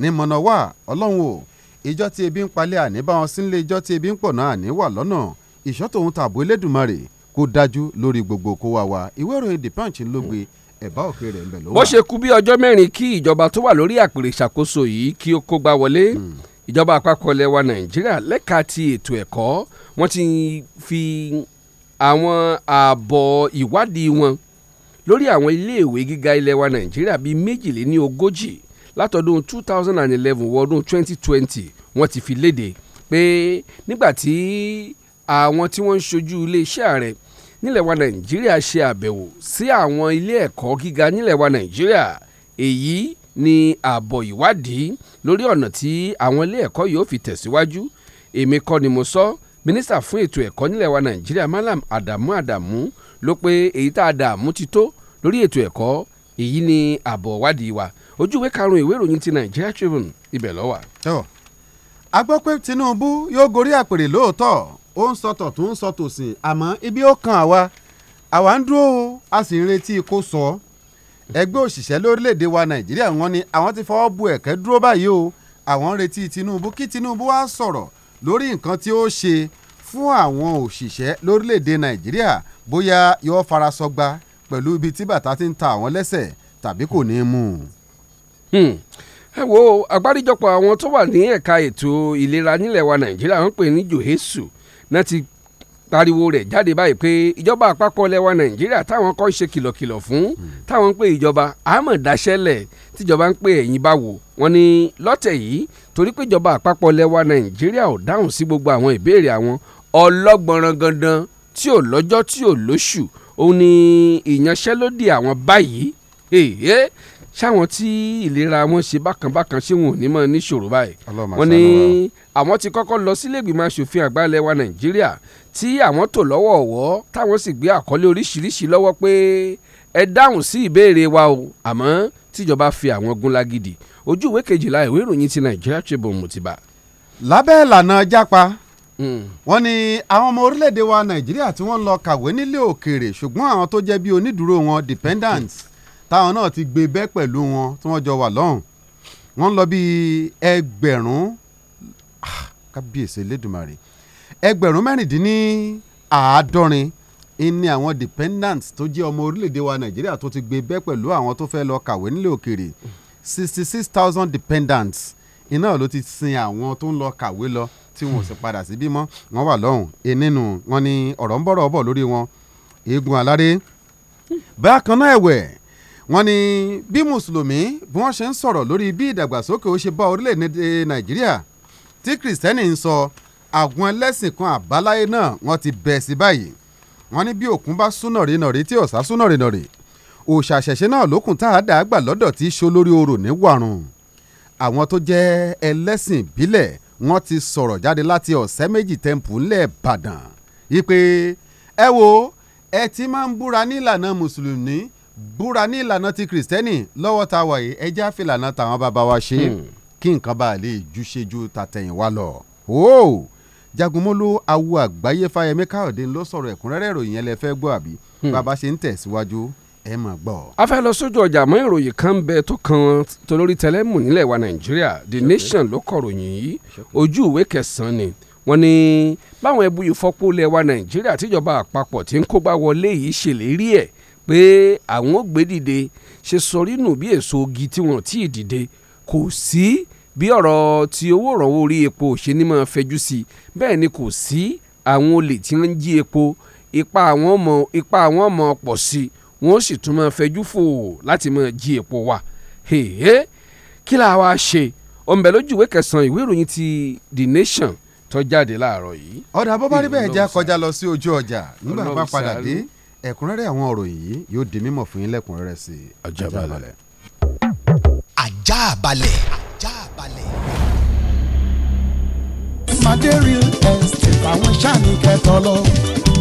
ní mọ̀nàwá ọlọ́run o ìjọ tí ebi ń palẹ̀ àní bá wọn sílé ìjọ tí ebi ń pọ̀nà àní wà lọ́nà ìṣọ́ tòun tààbò elédùnmarè kó dájú lórí gbogbo kó wá wa ìwé ìròyìn the punch ló gbé ẹ̀bá òkè rẹ̀ ńbẹ̀ ló wà. bó ṣe kú bí ọjọ́ mẹ́rin kí ìjọba tó wà lórí àpèrè ìṣàkóso yìí kí ó kógbá wọlé hmm. ìjọba àpapọ̀ ilẹ̀ wa nàìjíríà lẹ́ka ti ètò ẹ̀kọ́ wọ́n ti fi àwọn ààbọ̀ ìwádìí wọn lórí àwọn iléèwé gíga ilẹ̀ wa nàìjíríà bíi méjìléní látọdún two thousand and eleven wọ ọdún twenty twenty wọ́n ti fi léde pé nígbà àwọn tí wọ́n ń ṣojú iléeṣẹ́ ààrẹ nílẹ̀ wa nàìjíríà ṣe àbẹ̀wò sí àwọn ilé ẹ̀kọ́ gíga nílẹ̀ nàìjíríà èyí ni àbọ̀ ìwádìí lórí ọ̀nà tí àwọn ilé ẹ̀kọ́ yóò fi tẹ̀síwájú èmi kọ́ ni mo sọ mínísítà fún ètò ẹ̀kọ́ nílẹ̀ nàìjíríà malam adamu adamu ló pé èyí tá a dà mú ti tó lórí ètò ẹ̀kọ́ èyí ni àbọ̀ ìwádìí wa ojú ìwé karùn-ún ìwé ìròyìn ti Nigeria Tribune ibẹ̀ ló wà. a gbọ́ pé Tinubu yóò gorí àpèrè lóòótọ́ ó ń sọ tọ̀tún ń sọ tòsìn àmọ́ ibi ó kan àwa àwa ń dúró o a sì ń retí kó sọ ẹgbẹ́ òṣìṣẹ́ lórílẹ̀‐èdè wa nàìjíríà wọn ni àwọn ti fọwọ́ bu ẹ̀kẹ́ dúró báyìí o àwọn ń retí tinubu kí tinubu wá sọ̀rọ̀ lórí nǹkan tí ó ṣe fún àwọn òṣìṣẹ́ lórílẹ̀‐èdè nàìjíríà bóyá yóò farasọgba pẹ̀lú ibi tí bàtà ti ń ta àwọn lẹ́sẹ̀ tàbí kò ní í mú un hmm. ẹ wo àgbáríjọpọ̀ àwọn tó wà ní ẹ̀ka ètò ìlera nílẹ̀ wa nàìjíríà wọ́n pè ní johesu náà ti pariwo rẹ̀ jáde báyìí pé ìjọba àpapọ̀ lẹwa nàìjíríà táwọn kan ṣe kìlọ̀kìlọ̀ fún hmm. táwọn ń pè ìjọba àmọ̀ dáṣẹ́lẹ̀ tíjọba ń pè ẹ̀yìn báwo wọn ni lọ́tẹ̀ yìí torí pé ìjọba àpapọ̀ lẹwa nàìjíríà ò dáhùn sí gbogbo àwọn ìbéèrè àwọn ọlọ́gbọ̀nràn gandan tí ò lọ́jọ́ tí ò lóṣù òun ni ìyanṣẹ́lódì àwọn báyìí sáwọn tí ìlera wọn ṣe bákànbákan ṣé wọn ò ní mọ níṣòro báyìí wọn ní àwọn ti kọ́kọ́ lọ sílẹ̀gbìmọ̀ asòfin àgbà ilẹ̀ wa nàìjíríà tí àwọn tò lọ́wọ́ ọ̀wọ́ táwọn sì gbé àkọlé oríṣiríṣi lọ́wọ́ pé ẹ dáhùn sí ìbéèrè wa o àmọ́ tíjọba fi àwọn gun lágídí ojú ìwé kejìlá ìwé ìròyìn ti nàìjíríà Tribune mo ti bá. lábẹ́ ìlànà jápa hmm. wọ́n ní àwọn ọmọ orílẹ̀-èdè wa nàìjíríà tí wọ́n lọ kàwé nílé òkèèrè ṣùgbọ́n àwọn tó jẹ́ bí onídùúró wọn dependants táwọn náà ti gbé bẹ́ẹ̀ pẹ̀lú wọn tí wọ́n jọ wà lọ́hùn wọ́n lọ bíi ẹgbẹ̀rún ah, kábíyèsí elédùnmarè ẹgbẹ̀rún mẹ́rìndínláàádọ́rin ni àwọn dependants tó jẹ́ ọmọ orílẹ̀-èdè wa nàìjíríà tó ti gbé bẹ́ẹ̀ pẹ̀lú àwọn tó fẹ́ lọ kàwé nílé òkèèrè sixty six thousand dependants iná ló ti sin àwọn tó ń lọ kàwé lọ tí wọn ò sì padà síbí mọ́ wọn wà lọ́hùn ẹnìnú wọn ni ọ̀rọ̀ ń bọ̀rọ̀ bọ̀ lórí wọn eégún aláré bákan náà ẹ̀wẹ̀ wọ́n ní bí mùsùlùmí bí wọ́n ṣe ń sọ̀rọ̀ lórí bí ìdàgbàsókè ó ṣe bá orílẹ̀-èdè nàìjíríà tí kìrìsìtẹ́nì ń sọ àwọn ẹlẹ́sìn kan àbáláyé náà wọ́n ti bẹ̀ sí báyìí wọ́n ní bí òkun bá súnà rí nàrí tí ọ̀sá súnà rí nàrí òṣàṣẹ̀ṣẹ̀ náà lókun tá a dà á gbà lọ́dọ̀ tí í ṣó lórí orò ní wàrùn àwọn tó jẹ́ ẹlẹ́sìn ìbílẹ̀ wọ́n ti sọ̀rọ̀ jáde láti ọ̀sẹ̀ méjì tẹ́ǹpù ńlẹ̀ ìbàdàn yí pé ẹ wo ẹ ti máa ń búra nílànà mùsùlùmí búra ní ìlànà ti kìrìsìtẹ́nì lọ́wọ́ ta wà yìí ẹjẹ́ àfìlànà tàwọn bàbá wa ṣe hmm. kí nǹkan bá lè ju ṣe ju tàtẹ̀yìn wa lọ. ooo jagunmólú awo àgbáyé fáyemí káyọ̀dé ló sọ̀rọ̀ ẹ̀kúnrẹ́rẹ́ ìròyìn yẹn lẹ fẹ́ gbọ́ àbí hmm. bàbá ṣe ń tẹ̀síwájú ẹ máa gbọ́. a fẹ́ lọ sójú ọjà mọ́ ìròyìn kan bẹ tó kan tolórí tẹlẹ́mù nílẹ̀ wa nàìjíríà the nation ló kọ̀ròyìn yìí ojú ìwé kẹsàn-án ni wọ́n ní báwọn ẹbú ìfọ́pọ̀ ilẹ̀ wa nàìjíríà tíjọba àpapọ̀ ti ń kógbá wọlé yìí ṣèlérí ẹ̀ pé àwọn ò gbé dìde ṣe sọrí nù bí èso ogi tí wọn tí ì dìde kò sí bí ọ̀rọ̀ tí owó ìrànwọ́ orí epo ṣe ni máa fẹjú sí i bẹ́ẹ̀ ni kò sí àwọn olè tí wọ́n ń jí epo ipa àwọn ọmọ ipa àwọn ọmọ pọ̀ sí i wọ́n sì tún máa fẹjú fò láti máa jí epo wa hèhè kí la wá ṣe ọ̀nbẹ lójú ìwé kẹsàn-án ìwé ìròyìn ti The Nation tó jáde láàárọ̀ yìí. ọ̀dà bó bá rí bẹ́ẹ̀ já kọjá lọ sí ojú ọjà nígbà bá padà dé ẹ̀kúnrẹ́rẹ́ àwọn ọ̀rọ̀ yìí yóò di mímọ̀ fún yín lẹ́kùnrẹ́rẹ́ sí i. Àjààbálẹ̀. Àjààbálẹ̀. Àjààbálẹ̀. Màdé real estate àwọn sáà ní kẹtọ lọ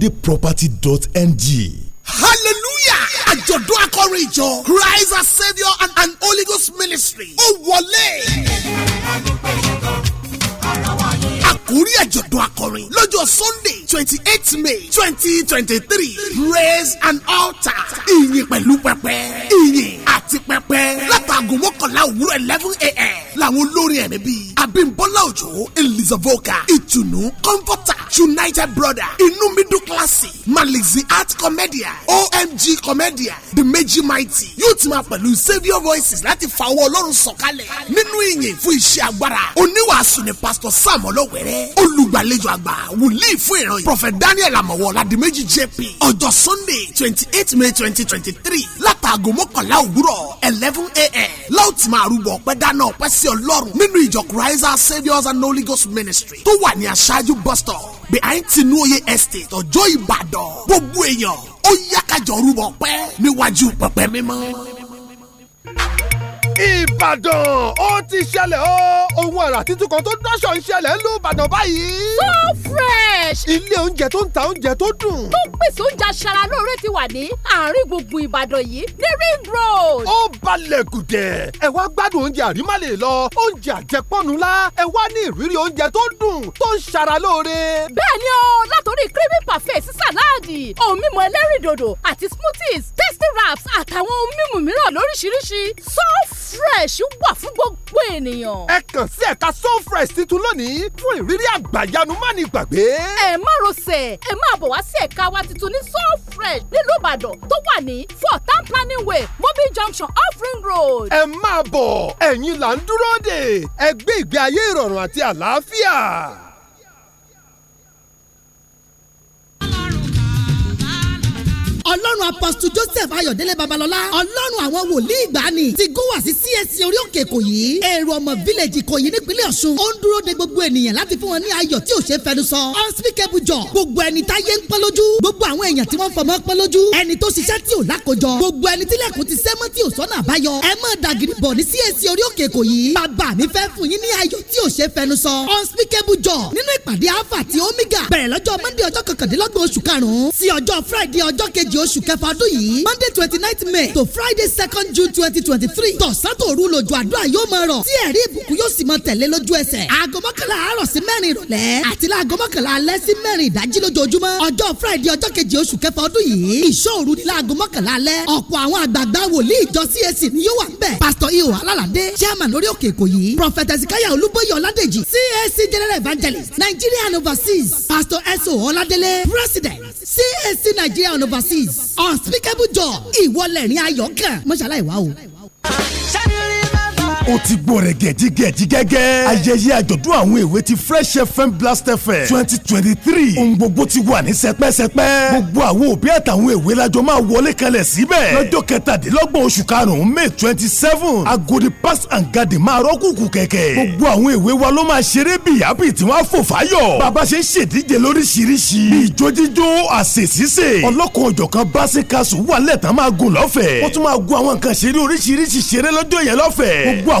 adeproperty.ng. hallelujah àjọ̀dún akọrin ìjọ christ as saviour and, and holy ghost ministry ó wọlé àkórí àjọ̀dún akọrin lọ́jọ́ sunday twenty eight may twenty twenty three praise and altar ìyìn pẹ̀lú pẹpẹ ìyìn àti pẹpẹ látàgò mọ́kànlá òwúrọ̀ eleven a.m. làwọn olórin ẹ̀mí bíi abímbọ́lá òjò elizavoka ìtùnú comforter united brother inú middle class malizi art comedian omg comedian the meji mighty yóò ti máa pẹ̀lú saviour voices láti fa ọwọ́ ọlọ́run sọ̀kalẹ̀ nínú ìyìn fún iṣẹ́ agbára oníwàásù ni pastor sam ọlọ́wẹ̀rẹ́ olùgbàlejò àgbà wòlíì fún ìran yìí prophet daniel amọ̀wọ́ ladimeji jp ọjọ́ sunday twenty eight may twenty twenty three látàgò mọ́kànlá òwúrọ̀ eleven a.m. láòtì máa rúbọ ọpẹ́ dáná ọpẹ́ sí ọlọ́run nínú ìjọ christ saviours and holy ghost ministry tó wà ní aṣáájú bus stop behind tinuoye estate ọjọ́ ìbàdàn gbogbo èèyàn ó yá kájọ rúbọ ọpẹ́ níwájú pẹpẹ mímọ́ ìbàdàn ó ti ṣẹlẹ̀ ó ohun àrà títún kan tó dáṣọ ń ṣẹlẹ̀ ń lu báyìí. so fresh. ilé oúnjẹ tó ń ta oúnjẹ tó dùn. tó pèsè oúnjẹ aṣara lóore ti wà ní àárín gbùngbùn ìbàdàn yìí ní ring road. ó balẹ̀ gùdẹ̀ ẹ wá gbádùn oúnjẹ àrímálè lọ oúnjẹ àjẹpọ̀nù la ẹ wá ní ìrírí oúnjẹ tó dùn tó ń ṣara lóore. bẹ́ẹ̀ o látòrí creamy parfait sí sàláàdì ohun mímu ẹlẹ́rìndòdò àti smoothies tasty wraps àtàwọn ohun mímu mìíràn lóríṣiríṣi so fresh fresh wà fún gbogbo ènìyàn. ẹ kàn sí ẹ̀ka so fresh tuntun lónìí fún ìrírí àgbàyanu má ní gbàgbé. ẹ má rọsẹ̀ ẹ máa bọ̀ wá sí ẹ̀ka wa tuntun ní so fresh nílùú ìbàdàn tó wà ní four town planning way mobil junction off ring road. ẹ máa bọ̀ ẹ̀yin là ń dúró dè ẹ gbé ìgbé ayé ìrọ̀rùn àti àlàáfíà. ọlọ́run apọ́sítù joseph ayọ̀délé babalọ́lá ọlọ́run àwọn wòlíì ìgbàanì ti gówà sí csc e orí òkè ìkòyí èrò ọmọ village ìkòyí nípínlẹ̀ ọ̀ṣun ó ń dúró de gbogbo ènìyàn láti fún wọn ní ayọ̀ tí ò ṣe fẹnu sọ unspeakable joy gbogbo ẹni tá yé ń pẹ́ lójú gbogbo àwọn èèyàn tí wọ́n fọmọ́ pẹ́ lójú ẹni tó ṣiṣẹ́ tí ò lákojọ gbogbo ẹni tílẹ̀kùn ti sẹ́mọ́ tí ò sọ́nà àbáyọ ẹ mọ̀ dàgìrì bọ̀ ní csc e orí òkè ìkòyí bàbá mi fẹ́ fún yín ní ayọ̀ tí ò ṣe fẹnu sọ unspeakable joy nínú ìpàdé alpha àti omega bẹ̀rẹ̀ lọ́jọ́ monday ọjọ́ kọkàndínlọ́gbọ̀n oṣù karùn-ún sí ọjọ́ friday ọjọ́ kejì oṣù kẹfà ọdún yìí monday twenty nine may to friday second june twenty twenty three tọ̀sán tòru lòjò àdúrà yóò máa rọ̀ tí ẹ̀rí ìbùkún yóò sì máa tẹ̀lé lójú ẹsẹ̀ aago mọ́kànlá àárọ̀ sí mẹ́rin ìrọ̀lẹ́ àti láago mọ́kànlá alẹ́ sí mẹ́rin ìdájí lójoojúmọ́ ọjọ́ friday ọjọ́ kejì oṣù kẹfà ọdún yìí ìṣòro ní láago mọ́kànlá alẹ́ ọ̀pọ̀ àwọn àgbààgbà wòlíì ìjọ CAC ni yóò wà níbẹ̀ pásítọ̀ ihò alálàdé chairman lórí òkè èkó yìí prọfẹtẹ sikaya olúbóyè ọládèjì CAC general evangelist Nigerian overseas pásítọ̀ ẹ̀sọ́ ọládélé president CAC Nigerian overseas peace unspeakable joy ìwọlẹ̀rín ayọ̀ kan mọ́ṣáláì wá o ó ti gbọ̀rẹ̀ gẹ̀jígẹ̀jí gẹ́gẹ́. ayẹyẹ àjọ̀dún àwọn èwe ti fresh fm blast fm twenty twenty three ohun gbogbo ti wà ní sẹpẹ́sẹpẹ́. gbogbo àwọn òbí àtàwọn èwe lájọ máa wọlé kalẹ̀ síbẹ̀. lọ́jọ́ kẹtàdínlọ́gbọ̀n oṣù karùn-ún may twenty seven agodi pass and garden máa rọ́kùnkùn kẹ̀kẹ́. gbogbo àwọn èwe wa ló máa ṣeré bìyàbì tí wọ́n á fò fáyọ̀. bàbá ṣe ń ṣèdíje lóríṣiríṣi. bí ijó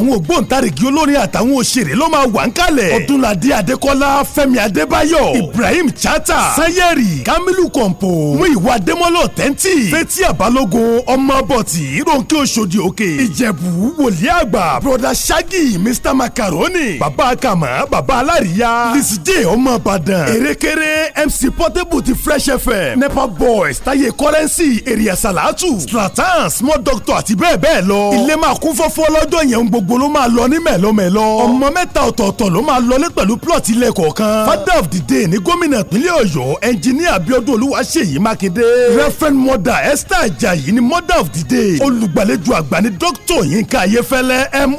àwọn ògbóǹtarìgì olórin àtàwọn òṣèré ló máa wà ń kalẹ̀ ọdúnladé adékọ́lá fẹ́mi adébáyọ̀ ibrahim chata sanyeri kamilu kọ̀ǹpò muyiwa adémọ́lá ọ̀tẹ́ntì fẹ́tí àbálógun ọmọbọ̀tì ronke oṣòdì òkè ìjẹ̀bù wòlíì àgbà broda shaggy mr macaroni baba kama baba alárìíyá lisije ọmọ ìbàdàn erékeré mc portable ti fresh fm nepa boys taye currency èrìyà salatu stratans small doctor àti bẹ́ẹ̀ bẹ́ẹ̀ lọ ilé máa kún fọ́fọ́ lọ́jọ́ yẹn gbogbo gbogbo ló máa lọ ní mẹ̀lọ́mẹ̀lọ́ ọmọ mẹ́ta ọ̀tọ̀ọ̀tọ̀ ló máa lọlé pẹ̀lú plot ilẹ̀ kọ̀ọ̀kan father of the day ní gómìnà ìpínlẹ̀ ọ̀yọ́ ẹnjiníà abiodun olúwaṣeyí mákindé reverend mother esther ajayi ni mother of the day olùgbàlejò àgbà ní doctor yinka ayefẹ́lẹ́ mon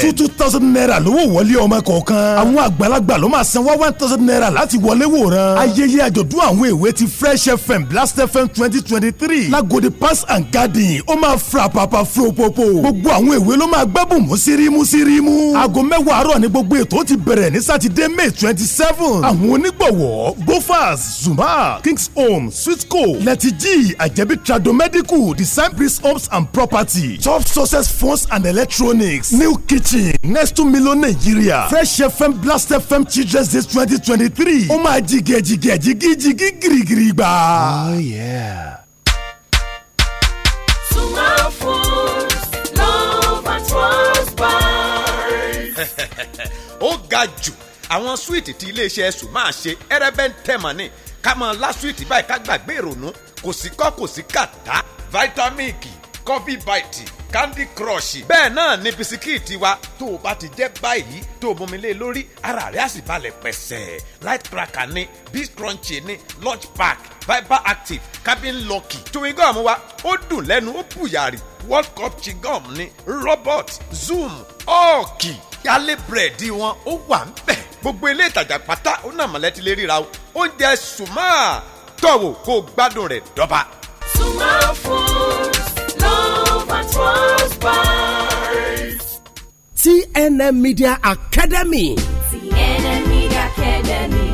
two two thousand naira lówó wọlé ọmọ kọ̀ọ̀kan àwọn àgbàlagbà ló máa san wá one thousand naira láti wọlé wòran ayẹyẹ àjọ̀dún àwọn èwe ti fresh fm blast fm twenty twenty three lagodi pass and garden ó máa fra pàpà fúropopo gbogbo àwọn èwe ló máa gbẹ́bùn mọ́ sírímù sírímù. aago mẹ́wàá àárọ̀ ni gbogbo ètò ti bẹ̀rẹ̀ ní sátidé may twenty seven. àwọn onígbọ̀wọ́ gofas zuma kings home switco letiji ajẹbi medical design priest homes and property top success phones and electronics new kitchen next to Milo nigeria fresh fm blast fm children's day twenty twenty three ó máa jìgẹ̀jìgẹ̀ jìgíjìgí gírígírí gbà. oh yeah ó ga jù àwọn súwìtì tí iléeṣẹ́ sùn máa ṣe ẹrẹ́bẹ́ntẹ́mọ̀ ni ká mọ lásùwìtì báyìí ká gbàgbé ìrònú kò sí kọ́ kò sí kàtá vitamíìkì coffee bite candy crush. bẹ́ẹ̀ náà ni bisikíìtì wa tó o bá ti jẹ́ báyìí tó o bomi lé lórí ara rẹ̀ á sì light cracker ni beast crunchy ni lunch pack viper active cabin lucky. chewing gum wa ó dùn lẹ́nu ó bùyàrì world cup chewing gum ni robot zoom ọ̀ọ̀kì. Oh, yálé búrẹ́dì wọn ó wà ń bẹ̀ gbogbo ilé ìtajà pátá ó nà mọ̀lẹ́tì lè ríra o oúnjẹ sùnmọ́ tọ̀wọ̀ kó o gbádùn rẹ̀ dọ́ba. Suma Foods Love Trust by TNM Media Academy. TNM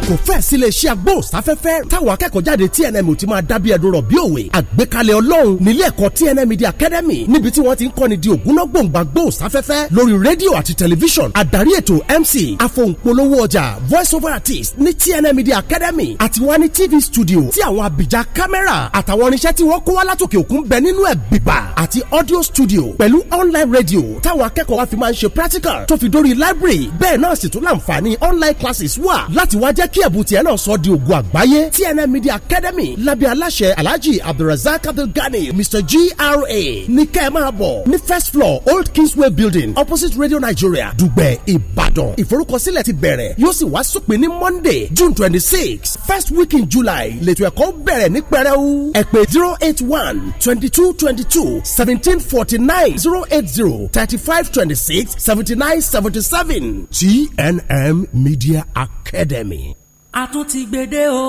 kò fẹ́ sílé iṣẹ́ agbóhùnsáfẹ́fẹ́ táwọn akẹ́kọ̀ọ́ jáde TNM ti máa dábìí ẹ̀dùn rọ̀ bí òwe àgbékalẹ̀ ọlọ́run nílé ẹ̀kọ́ TNM Media Academy níbi tí wọ́n ti ń kọ́ni di ògúnnágbòǹgbà gbóhùnsáfẹ́fẹ́ lórí rédíò àti tẹlifíṣàn àdarí ètò MC afohùnpolówó ọjà voice over artist ní TNM Media Academy àti wá ní TV studio tí àwọn abìjà kámẹ́rà àtàwọn irinṣẹ́ tí wọ́n kó wá látòkè òkun bẹ nínú ẹ̀ bìbà àti audio studio pẹ̀lú online radio táwọn akẹ́kọ̀ọ́ wa fi máa ń ṣe practical tó fi dórí library bẹ́ẹ̀ náà sì tún láǹfààní online classes wà láti wá jẹ́ k kí ẹ̀bùn tiẹ̀ náà sọ di ògo àgbáyé TNM Media Academy lábẹ́ aláṣẹ Alhaji Abdulrasaq Abdulgani Mr GRA ní kẹ́ ẹ máa bọ̀ ní first floor Old Kingsway building opposite Radio Nigeria Dùgbẹ̀ Ìbàdàn ìforúkọsílẹ̀ ti bẹ̀rẹ̀ yóò sì wá sópin ní Monday June twenty six first week in July lètò ẹ̀kọ́ bẹ̀rẹ̀ ní pẹrẹu ẹ zero eight one twenty two twenty two seventeen forty nine zero eight zero thirty five twenty six seventy nine seventy seven TNM Media Academy a tún ti gbede o.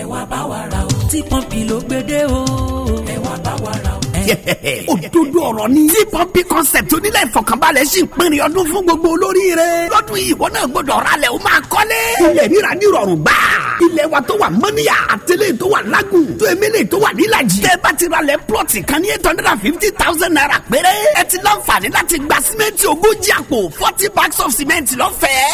ẹ wá bá wa ra o. tí pọ́ǹpì ló gbede o. ẹ wá bá wa ra o òdodo ọ̀rọ̀ ni. tí pọ́ńpì concept onílẹ̀ ìfọ̀kànbalẹ̀ sì ń pinrin ọdún fún gbogbo olórí rẹ̀. lọ́dún yìí ìwọ náà gbọ́dọ̀ ralẹ̀ o máa kọ́lé. ilẹ̀ ríra ní ìrọ̀rùn gbà. ilẹ̀ wa tó wà mọ́níyà àtẹlẹ́ tó wà lágùn tó emele tó wà nílàjì. tẹ́ bá ti ralẹ̀ plọ̀tì kan ní eight hundred and fifty thousand naira péré. ẹ ti láǹfààní láti gba símẹ́ǹtì ogójì àpò forty bags of cement lọ́fẹ̀ẹ́.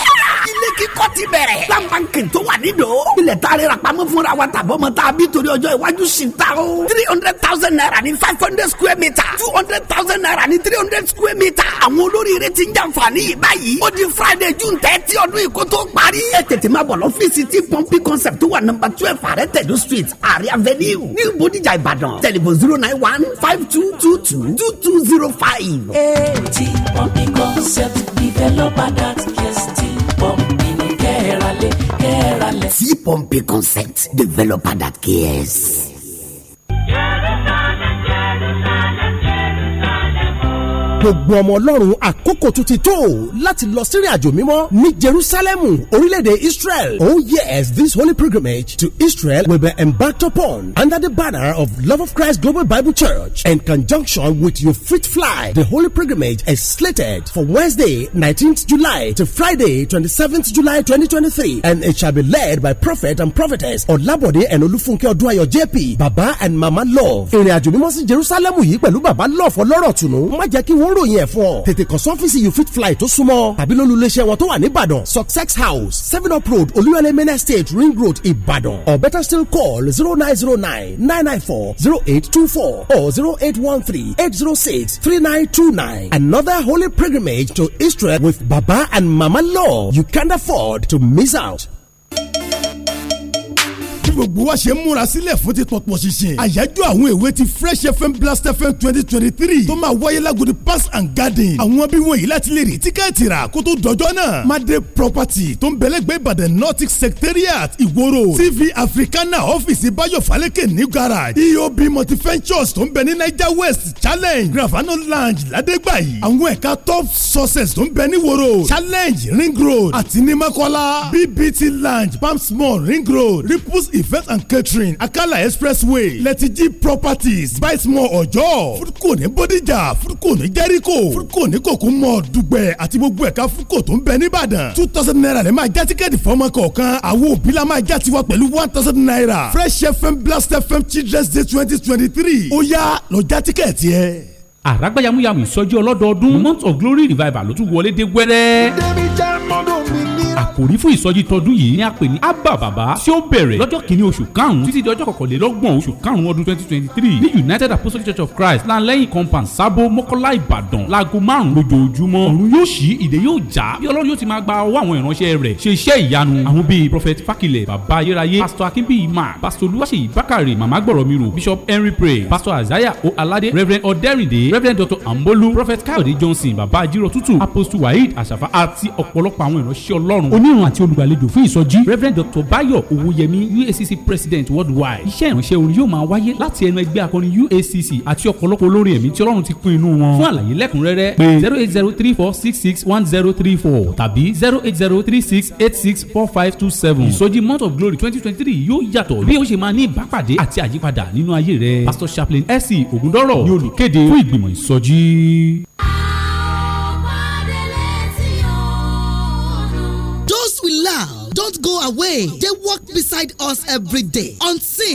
ilé kíkọ́ ti bẹ̀rẹ̀. láǹbàǹkì tó wà nídò. ilẹ̀ tá a rẹ̀ rà pamọ́ fúnra wa tàbọ́mọ tá a o. three hundred thousand naira ní five hundred hundred square meter two hundred thousand naira ní three hundred square meter. àwọn olóríire ti ń jàǹfààní yìí báyìí. ó di friday june thirty ọdún yìí kó tó parí. ẹ tètè máa bọ̀ lọ́fíìsì tí pọ́ńpì concept wà Number twelve àrẹ tẹ̀dó street àrẹ avenue ní bodijà ìbàdàn tẹlifon zero nine one five two two two two two zero five. ẹ pọ́ńpì concept developer that gets ti pọ́ńpì ní kẹ́ẹ̀rẹ́lẹ̀ kẹ́ẹ̀rẹ́lẹ̀. ti pọ́ńpì concept developer that cares. Yeah. gbogbo ọmọ ọlọ́run àkókò tún ti tó láti lọ mímọ́ ní jerusalemu orílẹ̀-èdè israel oh yes this holy pilgrimage to israel will be embarked upon under the banner of love of christ global bible church in conjunction with your fit fly the holy pilgrimage is slated for wednesday 19th july to friday 27th july 2023 and it shall be led by prophet and prophetess olabode and olufunke oduayo jp baba and mama love ìrìn mímọ́ sí jerusalemu yìí pẹ̀lú baba love ọlọ́rọ̀ tùnú má jẹ́ kí wọ́n ròyìn ẹ̀ fún ọ tètè kàn sọ́fíìsì you fit fly tó súnmọ́ tàbí lólùléṣẹ́ wọn tó wà ní Success House Seven Up Road Olúyọ̀lé Main Estate Ring Road Ìbàdàn or better still call zero nine zero nine nine nine four zero eight two four or zero eight one three eight zero six three nine two nine another holy pilgrimage to Israel with Baba and Mama Law you can't afford to miss out gbogbo wa ṣe múra sílẹ̀ fún ti tọ̀pọ̀ ṣinṣin àyájọ́ àwọn èwe ti fresh fm blast fm twenty twenty three tó máa wáyé lágodi parks and garden àwọn bí wọ̀nyí láti lè rí tíkẹ́ẹ̀tì rà kó tó dọjọ́ náà madre property tó ń bẹ̀lẹ́gbẹ́ ìbàdàn nordic secretariat ìwòrò tv africana ọ́fíìsì Bayo. Faleke ní garage eob multiventures tó ń bẹ ní niger west challenge gravano lounge ládégbàyí àwọn ẹ̀ka top success. tó ń bẹ ní wòrò challenge ring road àti ní mọ́kọ́lá bbt lounge Palm Small ring road ripples if event and catering akala expressway letiji properties bismore ọjọ́ fúdùkù ní bódìjà fúdùkù ní jẹ́ríkò fúdùkù ní kòkó mọ́ dùgbẹ̀ àti gbogbo ẹ̀ka fúdùkù tó ń bẹ nìbàdàn two thousand naira lè máa já tíkẹ́ẹ̀tì fọmọ kọ̀ọ̀kan àwọn òbí la máa já tiwa pẹ̀lú one thousand naira fresh fm blast fm children's day twenty twenty three ó yá lọ já tíkẹ́ẹ̀tì ẹ. àràgbá yamuyamu ìsọjí ọlọ́dọọdún month of glory revival ló tún wọlé dé wẹ́rẹ́. débi jẹ́ mọ́dún mi àkòrí fún ìsọjí tọdún yìí ni a pè ní abba baba tí ó bẹ̀rẹ̀ lọ́jọ́ kìíní oṣù karùn-ún títí di ọjọ́ kọkànlélọ́gbọ̀n oṣù karùn-ún ọdún twenty twenty three ní united apostolic church of christ lanlẹ́yìn compound sabo mọ́kọ́lá ìbàdàn láago márùn-ún lójoojúmọ́ ọ̀run yóò ṣí ìdè yóò já bí ọlọ́run yóò ti máa gba ọwọ́ àwọn ìránṣẹ́ rẹ̀ ṣe iṣẹ́ ìyanu àwọn bíi prophet fakilẹ̀ baba ayérayé pastor akínbíyì ma pastor olúwaṣèyí bákàrè màmá gbọ̀rọ̀mìrò bishop henry pray pastor azaya o alade reverend ọ̀dẹ́rìndé reverend dr ambolu prophet káyọ̀dé johnson baba ajiro tutu apostle waheed àṣàfà àti ọ̀pọ̀lọpọ̀ àwọn ìránṣẹ́ ọlọ́run ọlọ́run onírun àti olùgbàlejò fún ìsọjí rev dr bayo owóyẹmí uacc president worldwide iṣẹ́ ìránṣẹ́ orin yóò máa wáyé láti ẹnu ẹgbẹ́ akọrin uacc àti ọ̀pọ̀lọpọ̀ olórin ẹ̀mí tí ọlọ́run ti kún inú wọn fún àlàyé lẹ́kùnrẹ́rẹ́ pé zero eight zero three four six six one zero three four tàbí zero eight zero three six eight six four five two seven ìsọjí month of glory twenty twenty three yóò yàtọ̀ bí o ṣe máa ní ìbápàdé àti àyípadà nínú ayé rẹ pastor chaplain s e ogundoro ni olùkéde fún ìgbìmọ̀ ìsọjí. go away They walk beside us every day unseen